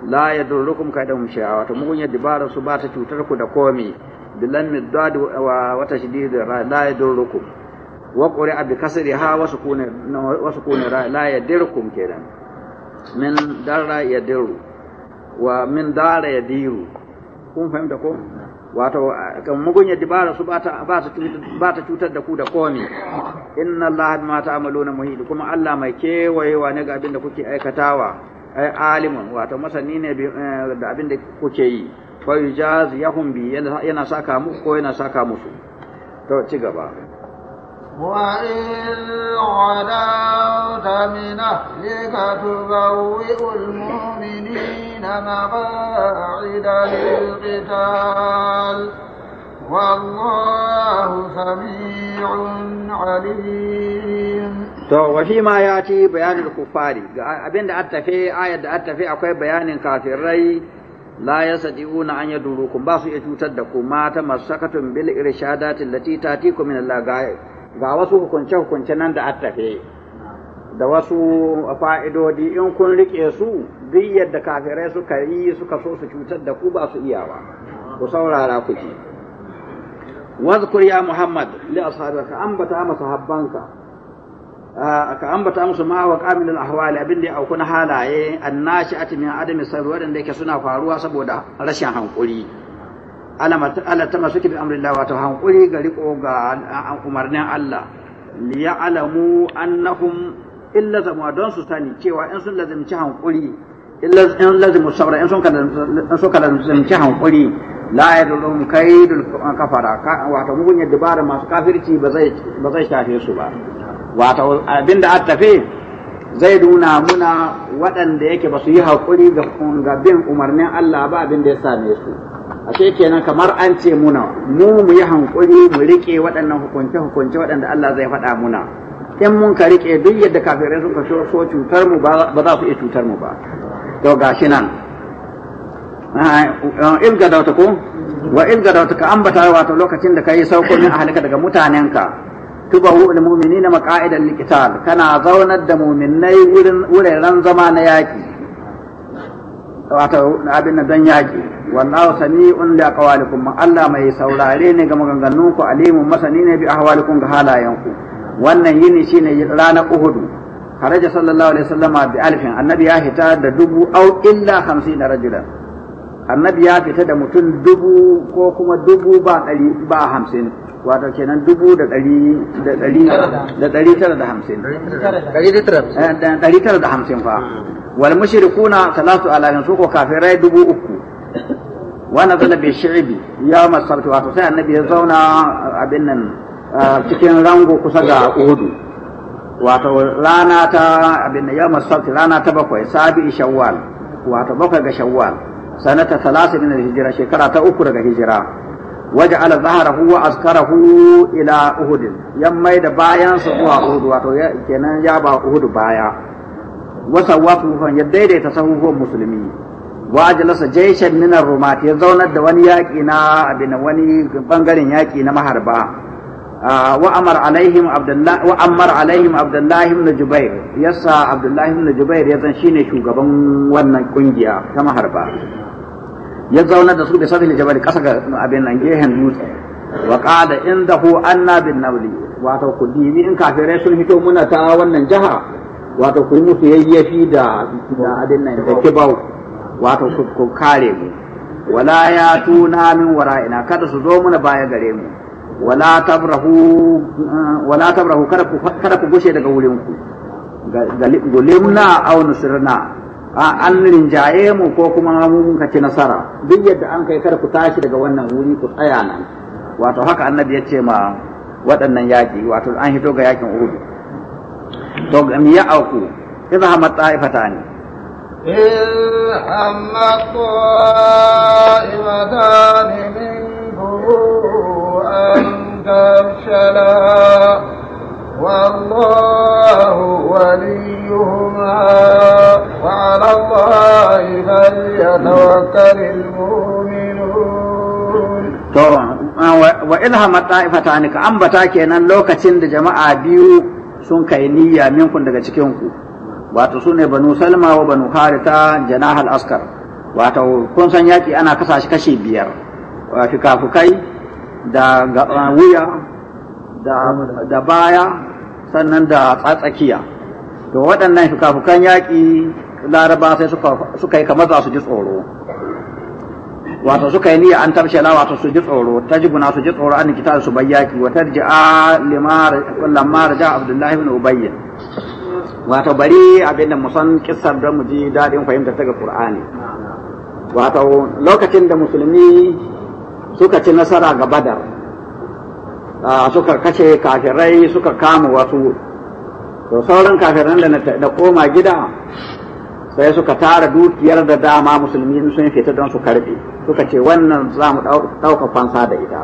la da kaidum mushiya wato mugun yadda bara su ba ta cutar ku da komi bilan middad wa wata shidid la yadurrukum wa abi kasri ha wasu sukuni wasu sukuni la yadurrukum kenan min darra yadurru wa min dara ya diru kun fahimta ko wato kan eh, mugun ya dibara su ba ta cutar da ku da komi inna Allah ma ta ta'maluna muhid kuma Allah mai kewayewa ne ga abin da kuke aikatawa ai alimun wato masani ne eh, da abin da kuke yi fa yujaz yahum bi yana saka mu ko yana saka musu to ci gaba وإن غدوت من أهلك تبوئ المؤمنين مقاعد للقتال والله سميع عليم To, wa ma ya ci bayanin kufari, abin da attafe, ayar da attafe akwai bayanin kafirai la ya sadi'una an ya durukun ba su iya cutar da ku mata masu sakatun bil irshadatin lati tatiku min Allah ga wasu hukunce-hukunce nan da an tafe da wasu fa'idodi in kun riƙe su duk yadda kafirai suka yi suka so su cutar da ku ba su iyawa ku saurara ku wazkur ya muhammad li ashabika ka ambata masa habbanka ah, ka ambata musu ma wa qamil al ahwali abin da ya na halaye annashi atmin adami sabr waɗanda yake suna faruwa saboda rashin hankuri ala ta masu bi amrin lawa ta hankuri ga riko ga umarnin Allah liya alamu annahum illa zama don su sani cewa in sun lazimci hankuri in lazimu sabra in sun ka lazimci hankuri la yadullahum kaidul kafara wato mugunyar dabara masu kafirci ba zai ba zai shafe su ba wato abinda a tafe zai nuna muna waɗanda yake ba su yi haƙuri ga bin umarnin Allah ba abinda ya same su ashe kenan kamar an ce muna mu mu yi hankuri mu rike waɗannan hukunce hukunce waɗanda Allah zai faɗa muna in mun ka rike duk yadda kafirai suka so cutar mu ba za su iya cutar mu ba to gashi nan ah, ilga da ko wa ilga da ka ambata wato lokacin da kai sauko min ahlika daga mutanenka tubahu lil mu'minina maqa'idan liqital kana zaunar da mu'minai wurin wuraren zama na yaki wato abin nan dan yaki wallahu sami'un li aqwalikum Allah mai saurare ne ga maganganun ku alimun masani ne bi ahwalikum ga halayenku wannan yini shine rana Uhudu Haraja sallallahu alaihi wasallama bi alfin annabi ya fita da dubu au illa 50 rajula annabi ya fita da mutum dubu ko kuma dubu ba ɗari ba hamsin wato kenan dubu da ɗari da ɗari da ɗari tara da hamsin ɗari tara da hamsin eh, fa wal kuna salatu ala su ko kafirai dubu uku Wannan zana bi shi'bi ya masabtu wato sai annabi ya zauna abin nan cikin rango kusa ga uhudu wato rana ta abin ya masabtu rana ta bakwai sabi shawwal wato bakwai ga shawwal sanata 30 da hijira shekara ta uku daga hijira waja'ala zaharahu wa askarahu ila uhud yan mai da bayan su zuwa uhud wato kenan ya ba baya wa sawwatu fa ya daidaita sahuhun musulmi wa ajlasa jayshan min ar ya zaunar da wani yaki na abin wani bangaren yaki na maharba ah, wa amar alaihim abdullah ibn jubair yasa abdullah ibn jubair ya zan shine shugaban wannan ƙungiya ta maharba ya zauna da su bi sabil jabal kasa ga abin nan gehen dutse wa qala indahu anna bin nawli wato ku dibi in kafirai sun fito muna ta wannan jaha wato ku musu yayyafi da da abin nan da kibau wato ku ku kare mu wala ya tuna min wara'ina kada su zo muna baya gare mu wala tabrahu wala tabrahu kada ku kada ku gushe daga wurin ku gulimna aw nusrna A'a, an rinjaye mu ko kuma mun ka ci nasara duk yadda an kai kada ku tashi daga wannan wuri ku tsaya nan wato haka annabi ya ce ma waɗannan yaƙi wato an hito ga yakin uhud to ga ya auku eh hamat ta'ifatani إذ هم الطائفتان an أن shala. والله وليهما وعلى الله فليتوكل المؤمنون wa ilhama ta'ifata ka ambata kenan lokacin da jama'a biyu sun kai niyya minkun daga cikin ku wato su ne banu salma wa banu askar wato kun san yaki ana kasa shi kashi biyar fikafukai da wuya da baya sannan da tsatsakiya to waɗannan fukafukan yaƙi laraba sai suka yi kamar za su ji tsoro wato suka yi niyya an tabshela wato su ji tsoro ta guna su ji tsoro an kita su bai yaƙi wa tarji'a lamar, da abdullahi ibn ubayy wato bari abin da musan kissar da mu ji daɗin fahimta daga qur'ani wato lokacin da musulmi suka ci nasara ga badar Ah, suka kashe kafirai suka kama wasu to sauran kafiran da na koma gida sai suka tara dukiyar da dama musulmi sun fita don su karbe suka ce wannan za mu ɗauka fansa da ita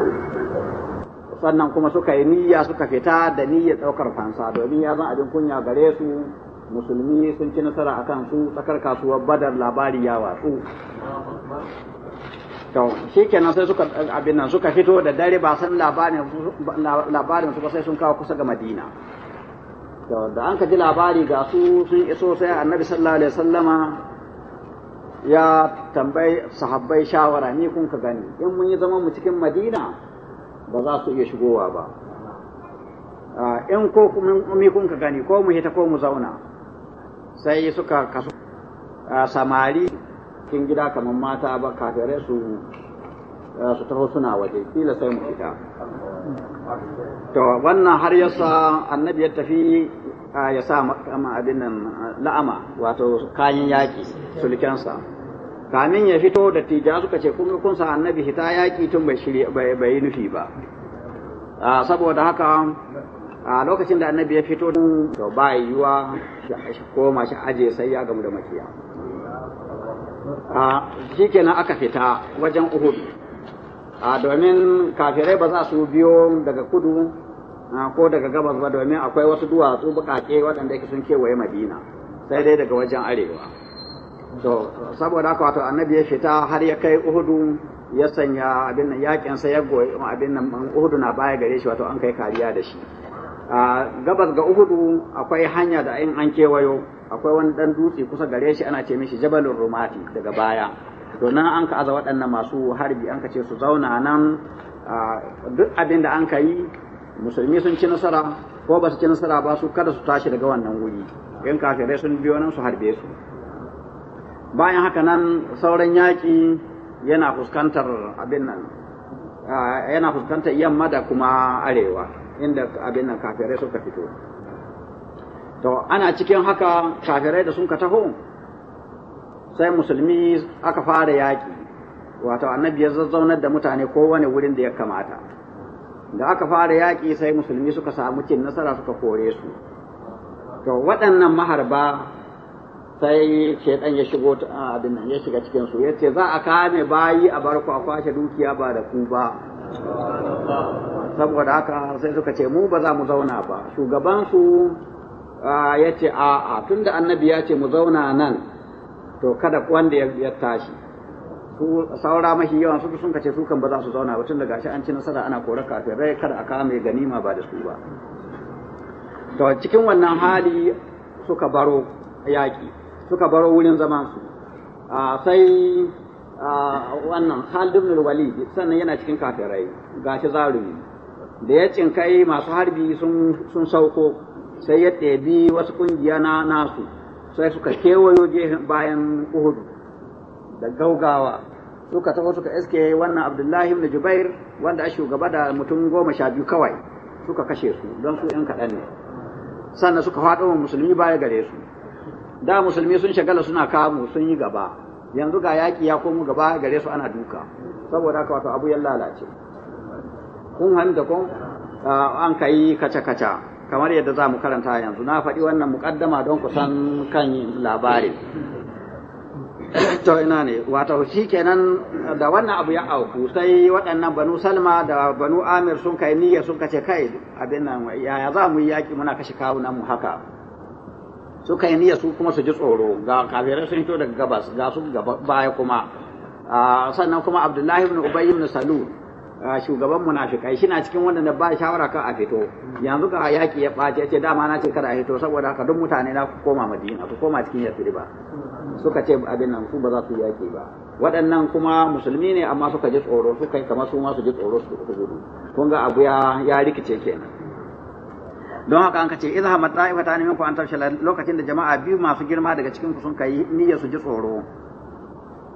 sannan kuma suka yi niyya suka fita da niyyar ɗaukar fansa domin ya zan abin kunya gare su musulmi sun ci nasara akan su tsakar kasuwar badar labari ya watsu to shi kenan sai suka abin nan suka fito da dare ba san labarin labarin su ba sai sun kawo kusa ga Madina to da an ka ji labari ga su sun iso sai Annabi sallallahu alaihi wasallama ya tambayi sahabbai shawara ni kun ka gani in mun yi zama mu cikin Madina ba za su iya shigowa ba in ko mi kun ka gani ko mu hita ko mu zauna sai suka kasu samari cikin gida kamar mata ba kafirai su eh, su taho suna waje kila sai mu fita to wannan har yasa annabi ya tafi eh, ya sa makama abin nan la'ama wato kayan yaƙi sulkensa kamin ya fito da tija suka ce kun kun sa annabi hita yaki tun bai shirye bai nufi ba ah, saboda haka a lokacin da annabi ya fito to ba yiwa shi koma shi aje sai ya gamu da makiya shi kenan aka fita wajen uhud a domin kafirai ba za su biyo daga kudu ko daga gabas ba domin akwai wasu duwatsu bukake waɗanda yake sun kewaye madina sai dai daga wajen arewa to saboda haka wato annabi ya fita har ya kai uhudu ya sanya abin nan yakin sa ya goyi abin nan uhudu na baya gare shi wato an kai kariya da shi gabas ga uhudu akwai hanya da in an kewayo akwai wani dan dutse kusa gare shi ana ce mishi jabalin rumati daga baya to nan an ka aza waɗannan masu harbi an ka ce su zauna nan duk abin da an ka yi musulmi sun ci nasara ko ba su ci nasara ba su kada su tashi daga wannan wuri in kafirai sun biyo nan su harbe su bayan haka nan sauran yaki yana fuskantar abin nan yana fuskantar yamma da kuma arewa inda abin nan kafirai suka fito to ana cikin haka kafirai da sun ka taho sai musulmi aka fara yaƙi wato annabi ya zazzaunar da mutane kowane wurin da ya kamata da aka fara yaƙi sai musulmi suka samu cin nasara suka kore su to waɗannan maharba sai shaidan ya shigo abin nan ya shiga cikin su yace za a kame bayi a bar ku a kwashe dukiya ba da ku ba saboda haka sai suka ce mu ba za mu zauna ba shugaban su ya ce a'a tunda annabi ya ce mu zauna nan to kada wanda ya tashi saura mashi yawan su sun kace su ba za su zauna ba tunda gashi an ci nasara ana kore rai kada a mai ganima ba da su ba to cikin wannan hali suka baro yaƙi suka baro wurin zaman su sai wannan Khalid ibn Walid sannan yana cikin kafirai gashi zarumi da ya cinkai masu harbi sun sauko sai ya ɗebi wasu ƙungiya na nasu sai suka kewayo bayan Uhud da gaugawa suka taho suka iske wannan abdullahi ibn jubair wanda a shugaba da mutum goma sha biyu kawai suka kashe su don su yan kaɗan ne sannan suka faɗo wa musulmi baya gare su da musulmi sun shagala suna kamu sun yi gaba yanzu ga yaƙi ya komo gaba gare su ana duka saboda haka wato abu ya lalace kun hanta kun ah, an kai kaca-kaca kamar yadda za mu karanta yanzu na faɗi wannan mukaddama don ku san kan labarin to ina ne wato shi kenan da wannan abu ya auku sai waɗannan banu salma da banu amir sun kai niyya sun kace kai abin nan yaya za mu yi yaƙi muna kashe kawunan mu haka su kai niyya su kuma su ji tsoro ga kafirai sun fito daga gabas ga su gaba baya kuma ah, sannan kuma abdullahi ibn ubayy ibn salul shugaban munafikai shi na cikin wanda ba shawara kan a fito yanzu ka yaki ya ɓace ce dama na ce kada a fito saboda haka duk mutane na koma madina ku koma cikin ba suka ce abin nan su ba za su yaki ba waɗannan kuma musulmi ne amma suka ji tsoro suka yi kamar su ma su ji tsoro su gudu kun ga abu ya ya rikice kenan don haka an kace idza hamat ta'ifata ne minku an tafshala lokacin da jama'a biyu masu girma daga cikin ku sun kai niyyar su ji tsoro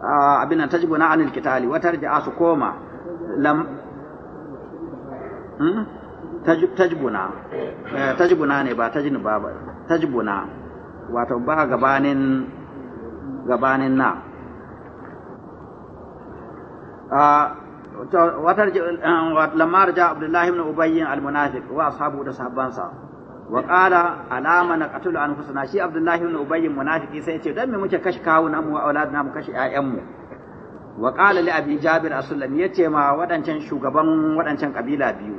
ah, abin nan tajibuna anil kitali wa tarja'a su koma لم tajbuna تجبنا ne ba tajni ba ba غبانين wato ba gabanin لما رجع عبد الله بن ابي المنافق وأصحابه وصحابانسا وقال علام نقتل انفسنا شي عبد الله بن ابي المنافق سيتي دم كش مكشكاونا وأولادنا مكشي أيامه wa qala li abi jabir as-sulami yace ma wadancan shugaban wadancan kabila biyu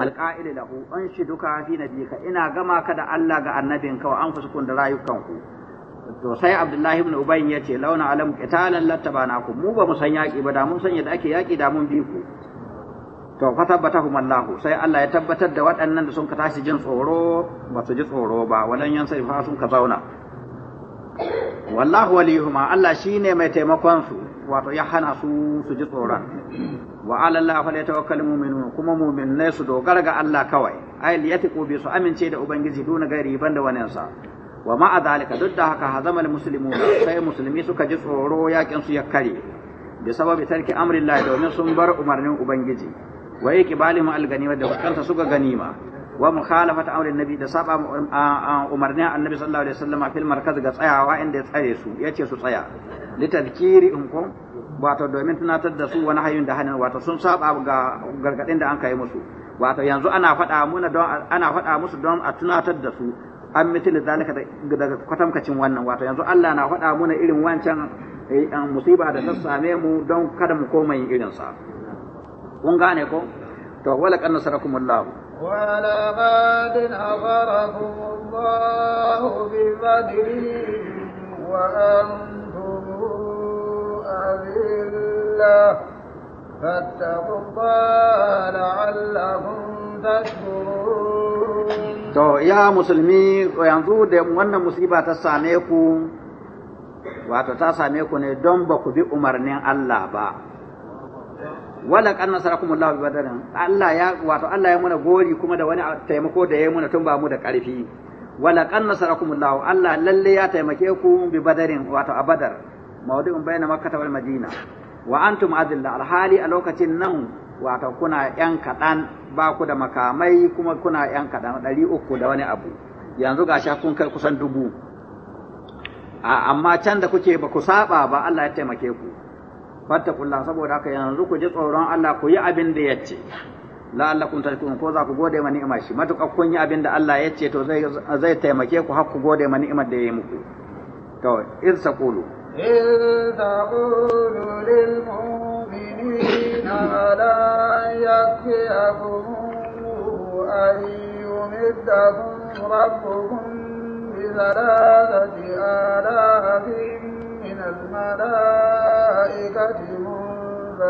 alqa'il lahu duka fi nabika ina gama ka da Allah ga annabinka wa anfusukum da rayukanku to sai abdullahi ibn ya yace launa alam qitalan ku. mu ba mu san yaki ba da mun san yadda ake yaki da mun bi ku to fa tabbatahum Allah sai Allah ya tabbatar da waɗannan da sun ka tashi jin tsoro ba su ji tsoro ba wadan yan sai fa sun ka zauna wallahu waliyuhuma Allah shine mai taimakon su wato ya hana su su ji tsoron wa ala Allah falyatawakkal mu'minu kuma mu'minai su dogara ga Allah kawai ay liyatiqu bi su amince da ubangiji duna gairi ban da wannan sa wa ma duk da haka hazama muslimun sai musulmi suka ji tsoro yakin su ya kare bi sababi tarki amrillah domin sun bar umarnin ubangiji wa yaqbalihim al ganima da kanta suka ganima wa mukhalafat amri nabi da saba umarni umarnin annabi sallallahu alaihi wasallam fil markaz ga tsayawa inda ya tsare su yace su tsaya li tadhkiri in kun wato domin tunatar da su wani hayin da hanin wato sun saba ga gargadin da an kai musu wato yanzu ana faɗa muna don ana faɗa musu don a tunatar da su an mitil zalika daga kwatamkacin wannan wato yanzu Allah na faɗa muna irin wancan eh, musiba da ta mu don kada mu koma irin sa. kun gane ko to wala kan nasarakumullahu وعلامات أمركم الله بفضله وأنتم أذلة فاتقوا الله لعلكم تشكرون To, ya musulmi yanzu da wannan musiba ta same ku, wato ta same ku ne don ba ku bi umarnin Allah ba. wala kan Allah bi badar Allah ya wato Allah ya muna gori kuma da wani taimako da ya muna tun ba mu da karfi wala kan nasarakum Allah lalle ya taimake ku bi badarin wato a badar mawdu'un bayna makkah wal madina wa antum adilla alhali a lokacin nan wato kuna yan kadan ba ku da makamai kuma kuna yan kadan ɗari uku da wani abu yanzu ga kun kai kusan dubu amma can da kuke ba ku saba ba Allah ya taimake ku fattakullah saboda haka yanzu ku ji tsoron Allah ku yi abin da yace la'allakum tashkurun ko za ku gode ma ni'ima shi matuƙa kun yi abin da Allah yace to zai zai taimake ku har ku gode ma ni'imar da ya yi muku to in saqulu in taqulu lil mu'minina ala yakfiyakum an yumiddakum rabbukum bi thalathati alafin من الملائكة ya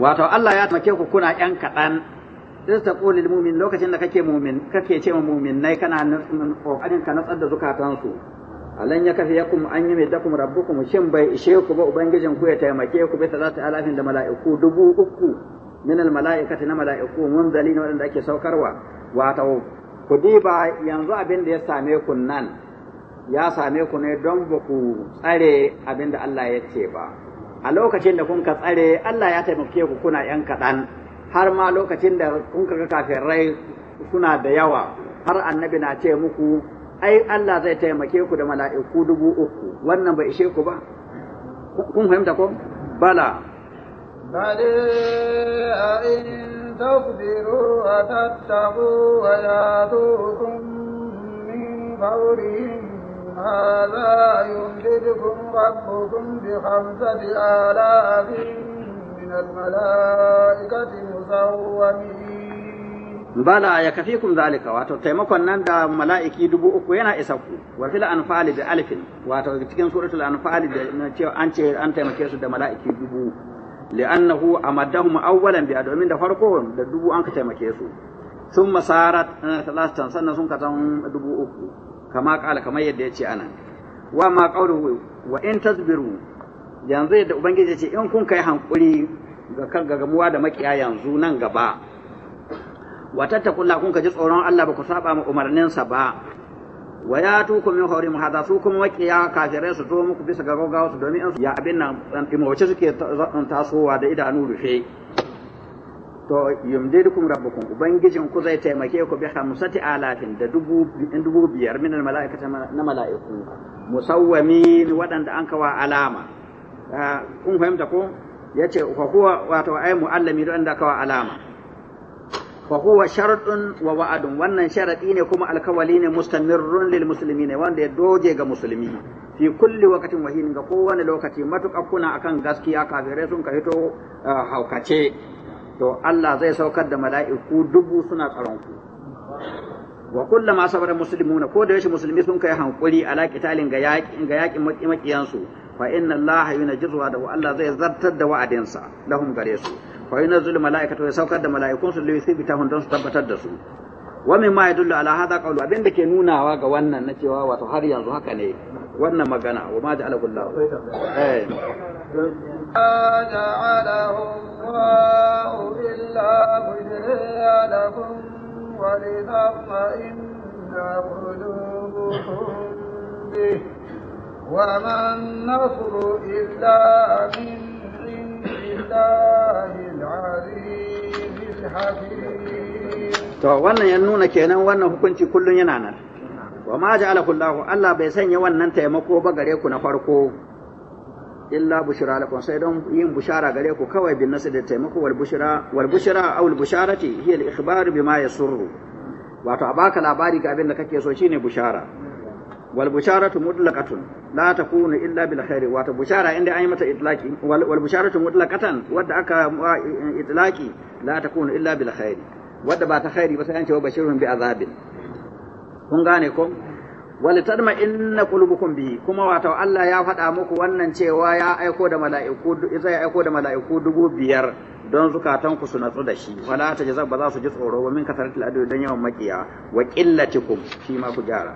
واتو الله kuna كنا ين كدان إذ تقول للمؤمن لو كتن كاكي مؤمن كاكي تشي مؤمن ƙoƙarin ka natsar da zukatansu alan ya kafi yakum an yi dakum rabbukum shin bai ishe ku ba ubangijin ku ya taimake ku bisa za ta alafin da mala'iku dubu uku min al mala'ikati na mala'iku mun dalilin waɗanda ake saukarwa wato ku diba yanzu abin da ya same ku nan ya same ku ne don ba ku tsare abin da Allah ya ce ba a lokacin da kun ka tsare Allah ya taimake ku kuna yan kaɗan har ma lokacin da kun ka kafin rai suna da yawa har annabi na ce muku ai Allah zai taimake ku da mala'iku dubu uku wannan ba ishe ku ba kun fahimta ko bala bale a in a tattabu wa min هذا يمددكم ربكم بخمسة آلاف من الملائكة مسومين بلى يكفيكم wato taimakon nan da mala'iki dubu uku yana isa ku wa fil anfali da alfin wato cikin suratul anfali da cewa an ce an taimake su da mala'iki dubu li'annahu amadahum awwalan bi domin da farko da dubu an ka taimake su sun masarat talatan sannan sun ka dubu uku kama kala kamar yadda ya ce ana wa ma wa in tasbiru yanzu yadda ubangiji ya ce in kun kai hankuri ga kan da makiya yanzu nan gaba wa tattaqulla kun ka ji tsoron Allah ba ku saba ma umarninsa ba wa ya tukum min hawrim hadha su kuma makiya kafirai su zo muku bisa ga gaggawa su domin ya abin nan wace suke tasowa da idanu rufe to yumdidukum rabbukum ubangijin ku zai taimake ku bi khamsati alafin da dubu dubu biyar min al mala'ikata na mala'iku musawwamin wadanda an kawa alama ah, kun fahimta ko yace fa huwa wato ai muallimi da anda kawa alama fa huwa shartun wa wa'adun wannan sharadi ne kuma alkawali ne mustamirrun lil muslimina wanda ya doje ga musulmi fi kulli waqtin wahin ga kowane lokaci matuƙa kuna akan gaskiya kafirai sun ka hito ah, haukace to Allah zai saukar da mala'iku dubu suna tsaron ku wa kullama sabara muslimuna ko da yashi musulmi sun kai hankuri ala qitalin ga yakin ga yakin makiyansu fa inna Allah yunjizu da Allah zai zartar da wa'adinsa lahum gare su fa yunzil malaikatu ya saukar da malaikun su lewisi bitahun don su tabbatar da su wa mimma yadullu ala hadha qawlu abin da ke nunawa ga wannan na cewa wato har yanzu haka ne wannan magana wa ma ja'alahu Allah eh. ما الله إلا ولتطمئن به وما النصر إلا من عند الله العزيز الحكيم to wannan ya nuna kenan wannan hukunci kullum yana nan wa ma ja'alahu Allah bai sanya wannan taimako ba gare ku na farko illa bushra lakum sai don yin bushara gare ku kawai bin nasu da taimako wal bushra wal bushra aw al busharati hiya al ikhbar bima yasurru wato a baka labari ga abin da kake so shine bushara wal busharatu mutlaqatun la takunu illa bil khair wato bushara inda an yi mata itlaqi wal busharatu mutlaqatan wadda aka itlaqi la takunu illa bil khair wadda ba ta khairi ba sai an ce wa bashirun bi azabin kun gane ko walitadma inna qulubukum bihi kuma wato Allah ya faɗa muku wannan cewa ya aiko da mala'iku zai aiko da mala'iku dubu biyar don zukatan ku su natsu da shi wala ta jazab ba za su ji tsoro ba min kasaratil adu dan yawan makiya wa qillatikum shi ma ku gyara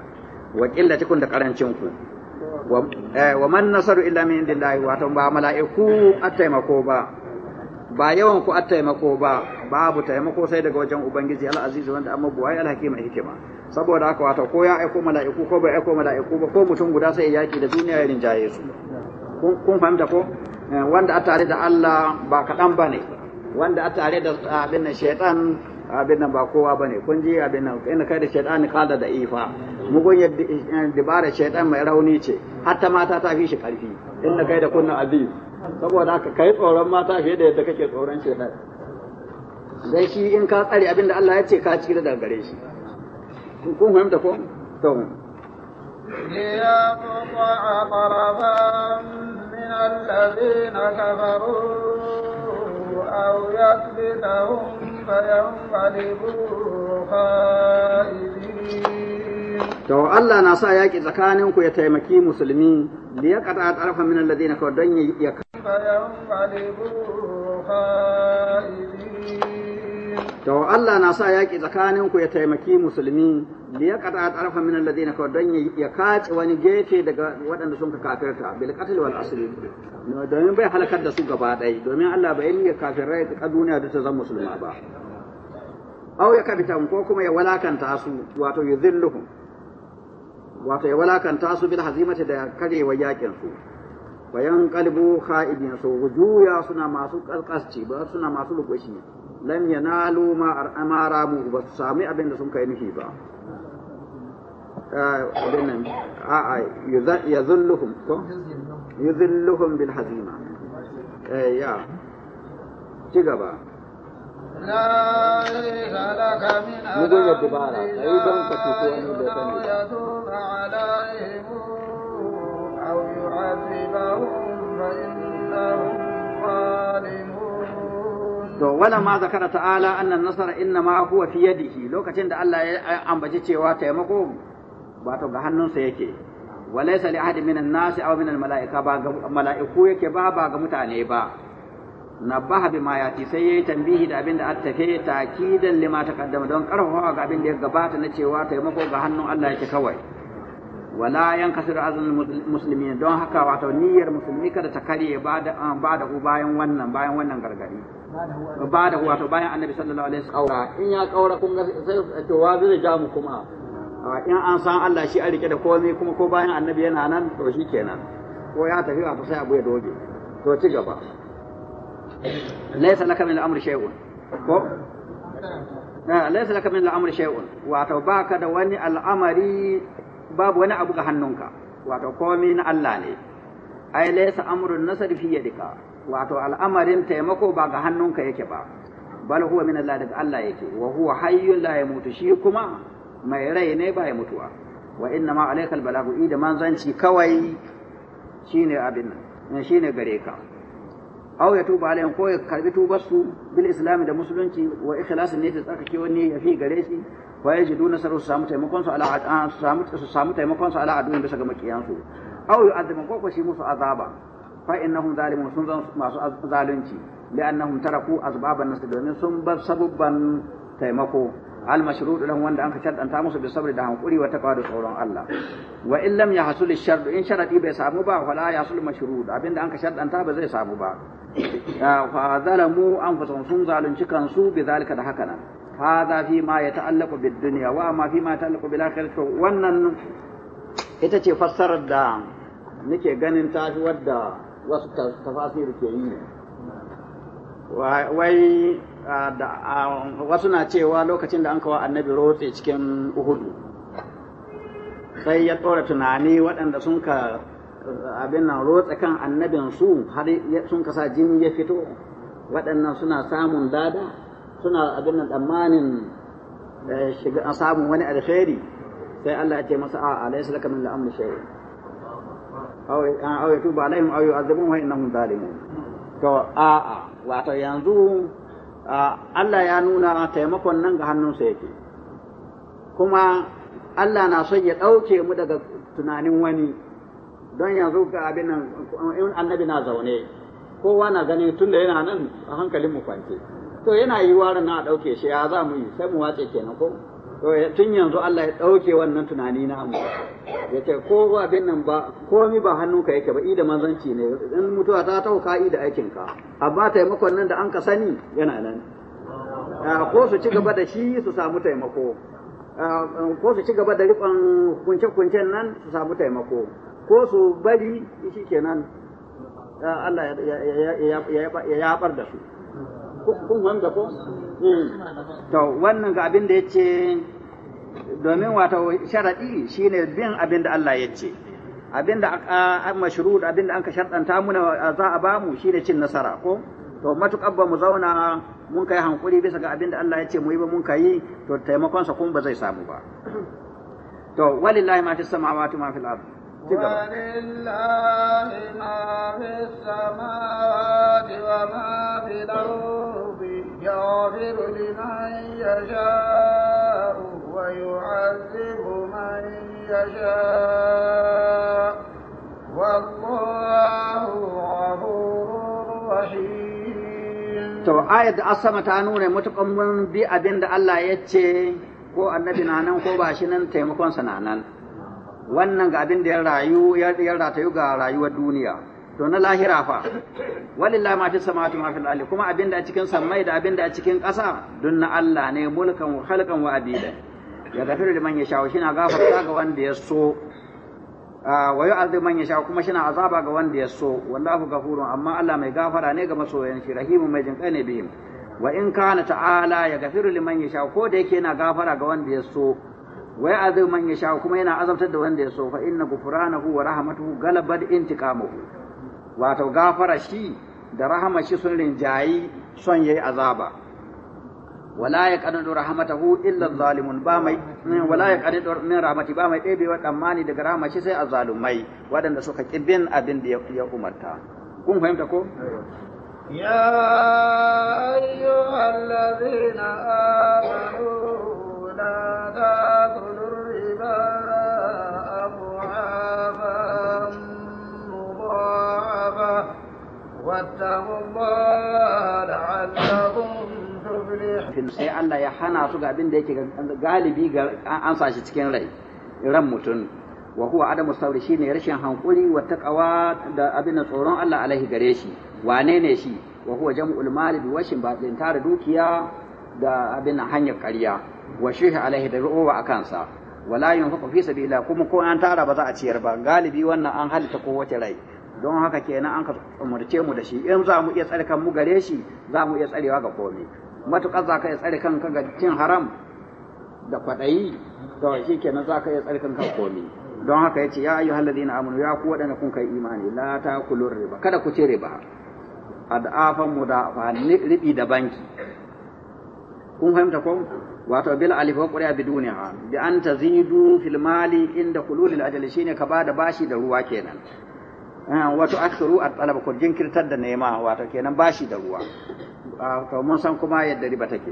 wa qillatikum da karancin ku wa man nasaru illa min indillahi wato ba mala'iku a taimako ba ba yawan ku at taimako ba babu taimako sai daga wajen ubangiji al-aziz wanda amma buwai alhaki mai hikima saboda haka wato ko ya aiko mala'iku ko bai aiko mala'iku ba ko mutum guda sai yaki da duniya ya rinjaye su kun fahimta ko eh, wanda a tare da Allah ba kaɗan ba ne wanda a tare da ah, abin nan shaitan abin nan ba kowa ba ne kun ji abin nan in kai da shaitan kada da ifa mugun yadda eh, dibara shaitan mai rauni ce hatta mata ta fi shi karfi in kai da kunna aziz saboda haka kai tsoron mata fiye da yadda kake tsoron shaitan dai shi in ka tsare abin da Allah ya ce ka cire da gare shi kun fahimta ko to ليقطع طرفا من الذين كفروا أو يكبتهم فينقلبوا خائبين To Allah na sa yaƙi tsakaninku ya taimaki musulmi da ya ƙata a ƙarfa min alladhina kawai don ya to Allah na sa yaƙi tsakanin ku ya taimaki musulmi da ya qata tarfa min na ka don ya kaci wani gefe daga waɗanda sun kafirta bil qatl wal asli domin bai halakar da su gaba ɗaya domin Allah bai yi kafirai ta duniya da ta zama musulma ba aw ya kabita ko kuma ya walakanta su wato yuzilluhum wato ya walakanta su bil hazimati da karewa yakin su bayan kalbu kha'ibin so wujuya suna masu kalkasci ba suna masu lokaci. lam yanalu ma amara mu ba su sami abin da sun kai nufi ba abin a a yuzilluhum ko yuzilluhum bil ya ci gaba To wala ma zakara ta'ala annan nasara inna ma huwa fi yadihi lokacin da Allah ya ambaci cewa taimako to ga hannunsa yake walaysa li ahadin minan nasi aw minal mala'ika ba ga mala'iku yake ba ba ga mutane ba nabaha bima yati sai yayi tambihi da abinda da aka tafe takidan lima taqaddama don karfafa ga abin da ya gabata na cewa taimako ga hannun Allah yake kawai wala yan kasar azan musulmi don haka wato niyyar musulmi kada ta karye ba da ku bayan wannan bayan wannan gargadi ba da ku wato bayan annabi sallallahu alaihi wasallam in ya kaura kun ga sai to wa zai ja mu kuma in an san Allah shi a rike da komai kuma ko bayan annabi yana nan to shi kenan ko ya tafi wato sai abu ya doge to ci gaba laysa laka min al-amri shay'un ko laysa laka min al-amri shay'un wato baka da wani al'amari babu wani abu ga hannunka wato komai na Allah ne ai laysa amrun nasr fi yadika wato al'amarin taimako ba ga hannunka yake ba bal huwa min Allah daga Allah yake wa huwa hayyun la yamutu shi kuma mai rai ne ba ya mutuwa wa inna ma alaikal balagu idan manzanci kawai shine abin nan shine gare ka aw ya tuba alayhim ko ya karbi tubar bil islam da musulunci wa ikhlasin ne ta tsakake wani ya fi gare shi wa yajidu nasaru su taimakon su ala samu taimakon su ala adun bisa ga makiyansu su aw yu'adhibu shi musu azaba fa innahum sun zan masu zalunci li'annahum taraku asbaban nasr domin sun bar sabubban taimako al mashruud lahu wanda anka shar'anta musu bi sabri da hankuri wa taqwa da tsoron Allah wa in ya hasuli ash in sharadi bai samu ba wala yahsul mashruud abinda anka shar'anta ba zai samu ba fa zalamu anfusahum sun zalunci kansu bi zalika da haka nan hadha fi ma yata'allaqu bid dunya wa ma fi ma yata'allaqu bil akhirati wannan ita ce fassarar da nake ganin tafi wadda wasu tafasiru ke yi wai wasu na cewa lokacin da an kawo annabi rotse cikin uhudu sai ya tsora tunani waɗanda sun ka abin nan rotse kan annabin su har sun ka sa jini ya fito waɗannan suna samun dada suna abin nan tsammanin eh, shiga samun wani alheri sai Allah ya ce masa a alaysa laka min al-amri shay'un aw aw yatubu alaihim aw yu'adhibuhum wa innahum zalimun to a wato yanzu Ah, Allah ya nuna taimakon nan ga hannunsa yake kuma Allah na so ya ɗauke mu daga tunanin wani don yanzu ga abin nan in annabi na zaune kowa na gani tun da yana nan a hankalin mu kwance to yana yi warin a ɗauke shi ya za mu yi sai mu watse kenan ko to tun yanzu Allah ya ɗauke wannan tunani na mu ya ce ko abin nan ba komi ba hannunka yake ba ida manzanci ne in mutuwa ta tauka ida aikinka amma taimakon nan da an ka sani yana nan ko su ci gaba da shi su samu taimako ko su ci gaba da riƙon kunce-kuncen nan su samu taimako ko su bari shi kenan Allah ya yabar da su kun wanda ko to wannan ga abin da ce. domin wato sharaɗi shine bin abin da Allah ya ce abin da mashrud abin da an ka sharɗanta muna za a bamu shine cin nasara ko to matukar ba mu zauna mun kai hankuri bisa ga abin da Allah ya ce mu yi ba mun kai to taimakonsa kuma ba zai samu ba to walillahi ma fi samawati ma fil ardh ولله ma fi السماوات وما في الأرض يغفر لمن يشاء ويعذب من يشاء والله غفور رحيم to ayat asama ta nuna بي mun الله abin Allah ya ce ko annabi na nan ko ba shi nan taimakon sa na nan wannan ga abin da ya rayu ya ratayu ga rayuwar duniya to na lahira fa walillahi ma fi samawati ma fil ardi kuma abinda a cikin samai, da abinda a cikin ƙasa dun na Allah ne mulkan wa khalqan wa abida ya gafiru liman shawo shi na gafarta ga wanda ya so ah, wa yu'adhibu man yasha kuma shi na azaba ga wanda ya so wallahu ghafurun amma Allah mai gafara ne ga masoyan shi rahimun mai jinkai ne bihim wa in kana ta'ala ya gafiru liman yasha ko da yake yana gafara ga wanda ya so wa ya'adhibu man yasha kuma yana azabtar da wanda ya so fa inna ghufranahu wa rahmatuhu galabat intiqamahu wato gafara shi da rahama shi sun rinjayi son yayi azaba wala ya qanadu rahmatahu illa zalimun ba mai wala ya qanadu min rahmati ba mai ɗebe wa tsammani daga rahmaci sai azalumai, waɗanda suka kibin abin da ya umarta kun fahimta ko يا أيها الذين آمنوا لا تأكلوا الربا أضعافا مضاعفة واتقوا الله لعلكم sai Allah ya hana su ga abin da yake galibi ga an sa shi cikin rai ran mutum wa huwa adamu shi shine rashin hankuri wa taqwa da abin tsoron Allah alaihi gare shi wane ne shi wa huwa jam'ul mali bi washin ba din tara dukiya da abin hanyar ƙarya wa shihi alaihi da ruwa a kansa. wala yunfaqu fi sabila kuma ko an tara ba za a ciyar ba galibi wannan an halitta kowace rai don haka kenan an ka umarce mu da shi in za mu iya tsarkan mu gare shi za mu iya tsarewa ga komai matuƙar za ka iya tsare kanka ga cin haram da kwaɗayi to shi kenan za ka iya tsare kanka komi don haka ya ce ya ayyuha alladhina amanu ya ku waɗanda kun kai imani la ta takulur riba kada ku ci riba ad'afan mudafa ribi da banki kun fahimta ko wato bil alif wa qura biduniha bi an tazidu fil mali inda hululil ajali shine ka bada bashi da ruwa kenan eh, wato akhiru at talab ko jinkirtar da nema wato kenan bashi da ruwa Ah, to mun san kuma yadda riba take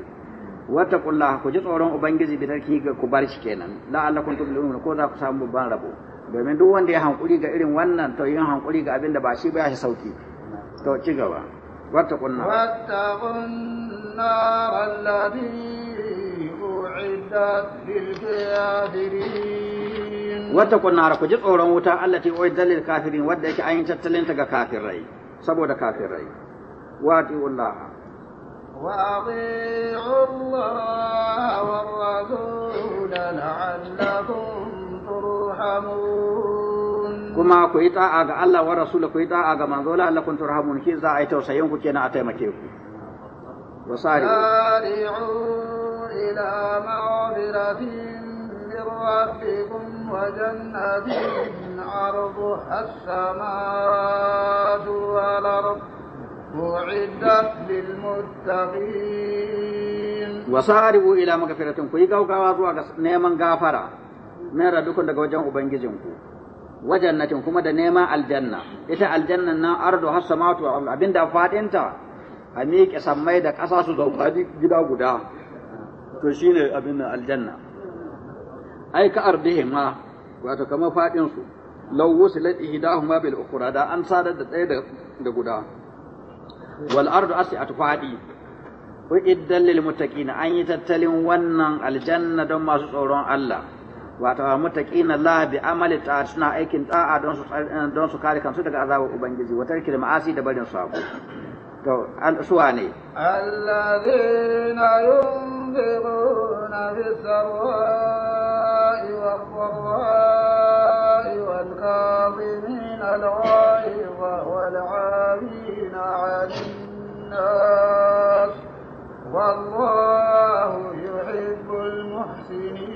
wata kulla ku ji tsoron ubangiji bi tarki ga ku bar shi kenan la'allakum tuflihun ko za ku samu babban rabo domin duk wanda ya hankuri ga irin wannan to yin hankuri ga abin da ba shi ba shi sauki to ci gaba wata kunna wata kunna ku ji tsoron wuta allati uiddat lil kafirin wanda yake ayin tattalin ta ga kafirai saboda kafirai wa ti wallahi وأطيعوا الله والرسول لعلكم ترحمون كما كويتا أغا الله ورسوله كويتا أغا ذولا لكم ترحمون كي زا أيتو سيونكو كينا وصاري سارعوا إلى مغفرة من ربكم وجنة عرضها السماوات والأرض أعدت للمتقين وسارعوا إلى مغفرة كوي غاو غاوا زوا neman gafara. Mera ربكم daga wajen ubangijinku natin kuma da neman aljanna ita aljanna na ardu har samatu wal abinda fadinta a miƙe samai da ƙasa su zaukadi gida guda to shine abin nan aljanna ai ka ma wato kamar fadin su law wusilat ihdahuma bil ukhra da an sadar da ɗaya da guda wal ardu a fadi uiddan lil muttaqina an yi tattalin wannan aljanna don masu tsoron Allah wato muttaqina la bi amali suna aikin da'a don su don su kare kansu daga azabar ubangiji wa tarkil ma'asi da barin sabo والكاظمين الغيظ والعافين عن الناس والله يحب المحسنين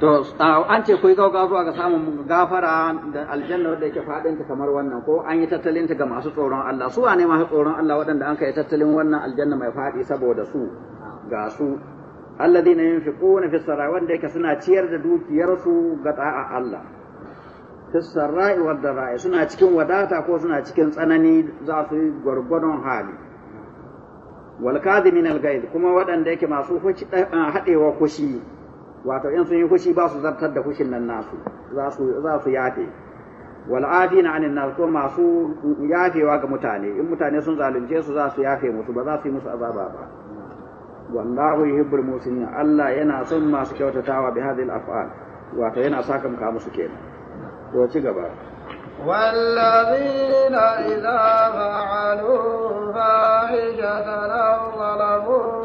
to an ce kai yi zuwa ga samun gafara da aljanna wadda yake faɗinta kamar wannan ko an yi tattalinta ga masu tsoron Allah su ne masu tsoron Allah waɗanda an kai tattalin wannan aljanna mai faɗi saboda su ga su alladhina yunfiquna fi sarai wanda yake suna ciyar da dukiyarsu ga ta'a Allah fi sarai wa darai suna cikin wadata ko suna cikin tsanani za su yi gwargwadon hali wal kadhimin al kuma waɗanda yake masu hadewa kushi wato in sun yi kushi ba su zartar da kushin nan nasu za su za su yafe wal afina anin nas ko masu yafewa ga mutane in mutane sun zalunce su za su yafe musu ba za su yi musu azaba ba والله يحب الموسمين الله ينا ثم سكوت تعوى بهذه الأفعال وتينا ساكم كامسكين وتجبا والذين إذا فعلوا فاحشة لو ظلموا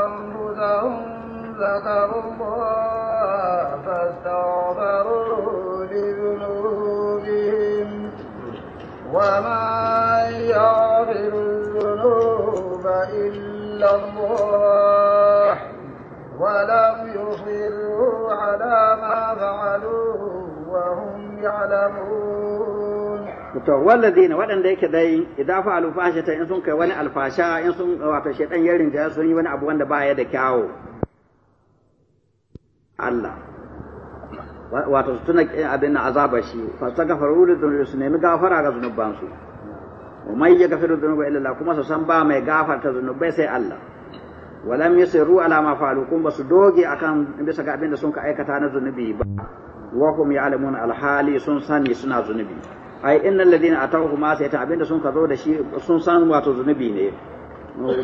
أنفسهم ذكروا الله فاستغفروا لذنوبهم ومن يغفر الذنوب إلا إلا الله ولم يصروا على ما فعلوا وهم يعلمون to wallazina waɗanda yake dai idan fa alfasha ta in sun kai wani alfasha in sun wato shedan yarin da sun yi wani abu wanda ba ya da kyawo Allah wato tuna abin azaba shi fa ta gafaru lidun su nemi gafara ga zunubansu wa ya yaghfiru dhunuba illa Allah kuma su san ba mai gafarta zunubai sai Allah walam yusiru ala ma fa'alu kun basu doge akan bisa ga abin da sun ka aikata na zunubi ba wa hum alhali sun sani suna zunubi ai innal ladina atawhu ma sai ta abin da sun ka zo da shi sun san wato zunubi ne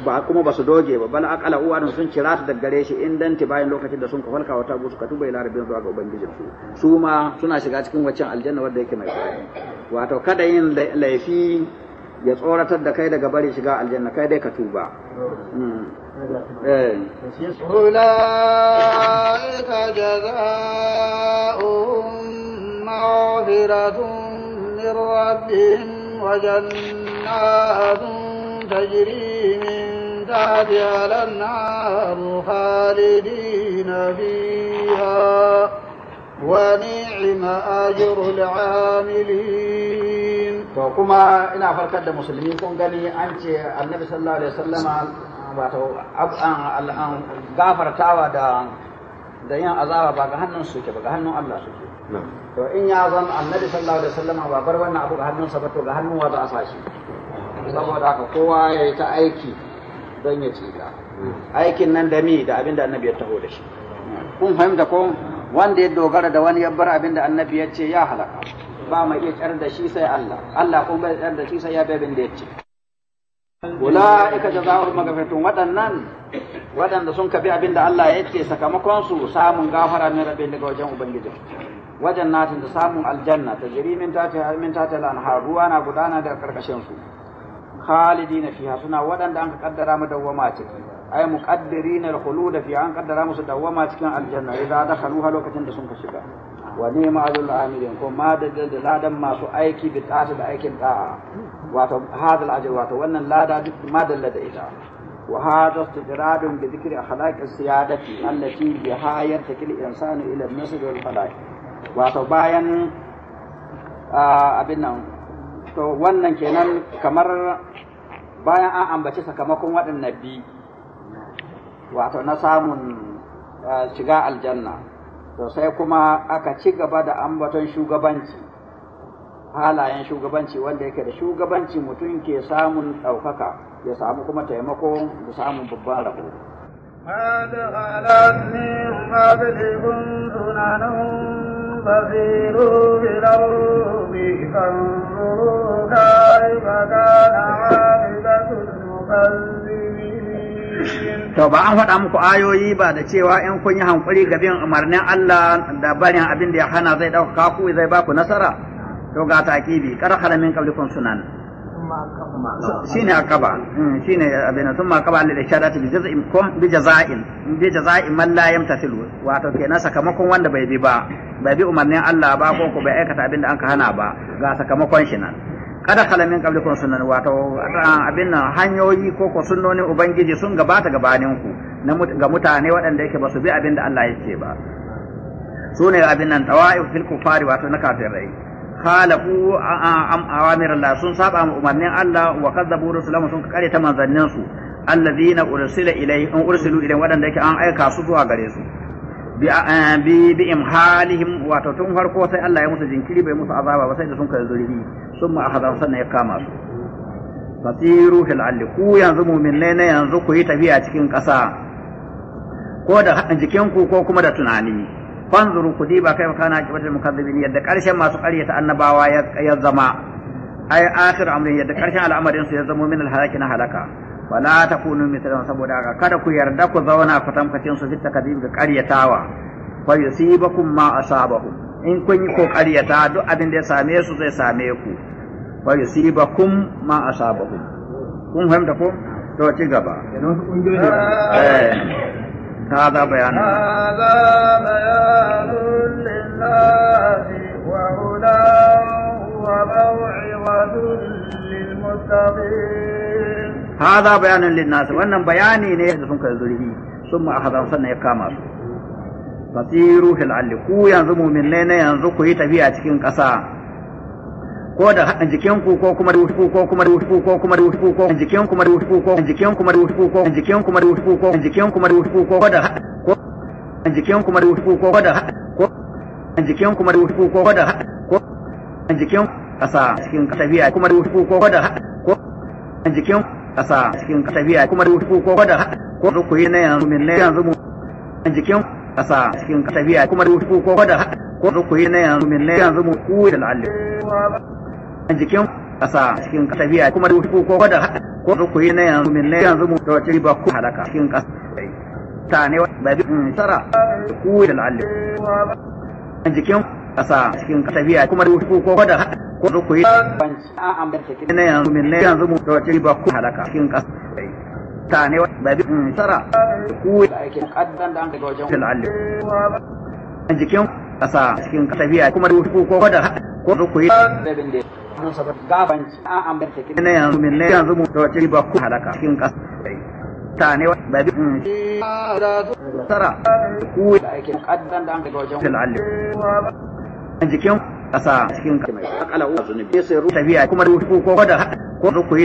ba kuma basu doge ba bal aqala uwa sun kira ta daggare shi in dan bayan lokacin da sun ka falka wata gusu ka tuba ila rabbin zuwa ga ubangijin su su ma suna shiga cikin waccan aljanna wanda yake mai wato kada yin laifi ya tsoratar da kai daga bari shiga aljanna kai dai ka tuba hmm. eh. Ulaika jaza'un ma'firatun min rabbihim wa jannatun tajri min tahti al-nar khalidina fiha wa ni'ma ajru al to kuma ina farkar da musulmi kun gani an ce annabi sallallahu alaihi wasallama wato an gafartawa da da yin azaba ba ga hannun suke ba ga hannun Allah suke to in ya zan annabi sallallahu alaihi wasallama ba bar wannan abu ga hannunsa ba to ga hannun wa za a sashi saboda haka kowa ya yi ta aiki don ya ci ga aikin nan da mi da abin da annabi ya taho da shi kun fahimta ko wanda ya dogara da wani ya bar abin da annabi ya ce ya halaka ba ma iya tsar da shi sai Allah Allah kuma bai tsar da shi sai ya bai bin da yace ulaika jazaa'ul maghfiratun waɗannan, waɗanda sun kabi abin da Allah ya ce sakamakon su samun gafara min daga wajen ubangiji wajen natin da samun aljanna ta jiri min tati har min ruwa na gudana daga karkashin su na fiya suna waɗanda an kaddara madawwama ciki ay da al da fiya an kaddara musu dawwama cikin aljanna idza dakhaluha lokacin da sun ka shiga wa ne ma'azul amilin ko ma da ladan masu aiki bi ta'ata da aikin da'a wato hada ajr wato wannan lada duk madalla da ita wa hadha istidradun bi dhikri akhlaqi siyadati allati bi hayat takil insanu ila an-nasr wal falah wato bayan abin nan to wannan kenan kamar bayan an ambaci sakamakon waɗannan bi wato na samun shiga aljanna to sai kuma aka ci gaba da ambaton shugabanci halayen shugabanci wanda yake da shugabanci mutum ke samun ɗaukaka ya samu kuma taimako da samun babban rabo قد خلت فانظروا كيف كان عاقبة المكذبين to ba an faɗa muku ayoyi ba da cewa in kun yi hankuri ga bin umarnin Allah da barin abin da ya hana zai ɗauka ku zai ba ku nasara to ga takibi kar halamin qablikum sunan shine akaba hmm, shine abin sun ma akaba da shadati bi jaza'in kum bi jaza'in bi jaza'in man la yamtathilu wato kenan sakamakon wanda bai bi ba bai bi umarnin Allah ba ko ko bai aikata abin da an ka hana ba ga sakamakon shi nan kada kalamin kun sunan wato ah, abin nan hanyoyi ko ko sunnonin ubangiji sun gabata gabanin ku ga mutane waɗanda yake ba su bi abin da Allah yake ba su ne abin nan tawa'if fil kufari wato na kafirai khalafu ah, am awamir Allah sun saba mu umarnin Allah wa kadzabu rusulahu sun kare ta manzannin su allazina ursila ilayhi an ursilu idan waɗanda yake an aika su zuwa gare su Eh, bi bi imhalihim wato tun farko sai Allah ya musu jinkiri bai musu azaba ba sai da sun kai zurfi sun ma ahadar sannan ya kama su fasiru fil alli ku yanzu mu'minai ne yanzu ku yi tafiya cikin ƙasa ko da jikin ku ko kuma da tunani fanzuru ku diba kai kana kibatul mukazzibin yadda karshen masu ƙaryata annabawa ya zama ai akhir amrin yadda karshen al'amarin su ya zama min al halaki na halaka wala kunu mithlan saboda haka kada ku yarda ku zauna ku tamkacin su fitta kadib ga qaryatawa fa yusibakum ma asabahu in kun yi ko qaryata duk abin da ya same su zai same ku fa yusibakum ma asabahu kun fahimta ko to ci gaba هذا بيان هذا بيان للناس وهدى وموعظة للمتقين hadha bayanan linnas wannan bayani ne da sun kai zurfi sun ma hadan sannan ya kama su fasiru fil alli ku yanzu mu min nene yanzu ku yi tafiya cikin ƙasa ko da jikin ku ko kuma ruhu ko kuma ruhu ko kuma ruhu ko jikin kuma ruhu ko jikin kuma ruhu ko jikin kuma ruhu ko jikin kuma ruhu ko da ko jikin kuma ruhu ko da ko jikin kuma ruhu ko da ko jikin ƙasa cikin tafiya kuma ruhu ko da ko jikin ƙasa cikin tafiya kuma wuku ko da ko rukuyi na yanzu min na yanzu mu jikin ƙasa cikin tafiya kuma wuku ko da ko rukuyi na yanzu min na yanzu mu ku da lalle jikin ƙasa cikin tafiya kuma wuku ko da ko rukuyi na yanzu min na yanzu mu to ci ba ku halaka cikin ƙasa ta ne ba bi sara mm, ku da lalle jikin ƙasa cikin tafiya kuma wuku ko da ko ku yi banci an ambata ne yanzu min ne yanzu mu wace ba ku halaka cikin kasa ta ne ba bi mm, sara ku da ake kaddan da an daga wajen al'alli an jikin kasa cikin tafiya kuma ku ko da ko ku yi da da gabanci an ambata kin ne yanzu min ne yanzu mu tawace ba ku halaka cikin kasa ta ne ba bi mm, sara ku da ake kaddan da an daga wajen al'alli an jikin a cikin ka mai akala wa zunubi sai ruwa tabiya kuma ruku ko da ko ruku yi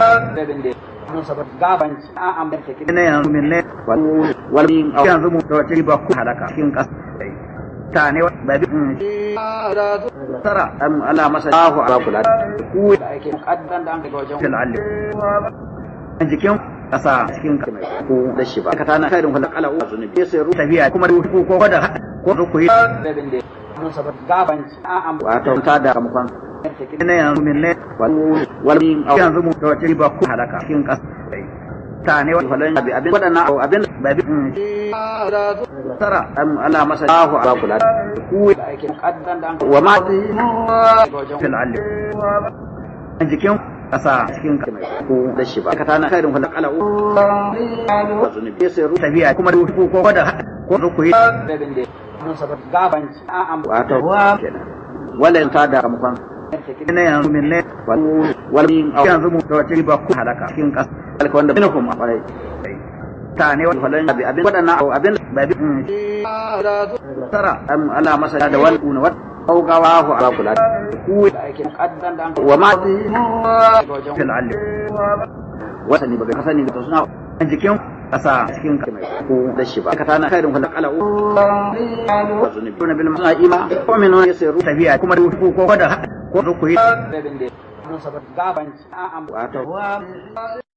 gabanci a ambarta kin yanzu min ne a wani. yanzu mu ta ci ba ku halaka cikin ƙasa ta ne ba bi tara am ala masa Allahu ala kula ku da ake kaddan da an daga wajen alim jikin kasa cikin ka mai a da shi ba ka tana kairin halaka ala a zunubi sai ruwa tabiya kuma ruku ko da ko ruku yi a'a wato ta da kamkon ne yanzu min ne wani yanzu mu ta wace ba ku halaka cikin ƙasa ta ne wani falon abin abin waɗannan abin ba bi mm. tara am ala masa Allahu ba kula ku wa ma fil alim jikin kasa cikin ko da shi ba ka tana kairin falak ala u zunubi sai ru kuma da ku ko da ko ku yi gabanci a amfata wa wala ta da mukan Ina yanzu min ne wal min yanzu mu to ba ku halaka cikin kasa alka wanda minkum afarai ta ne wal falan abin wadannan abin bai hmm. tara am ala masa da wal una أو على كل وما في العلم وسني بقى حسني بتصنع أنجكم أسا أسكين كما يكون دشبا كتانا خير من على وزنبون بالمسائمة ومن يسيرون تبيع كما يكون قد وذكوه wato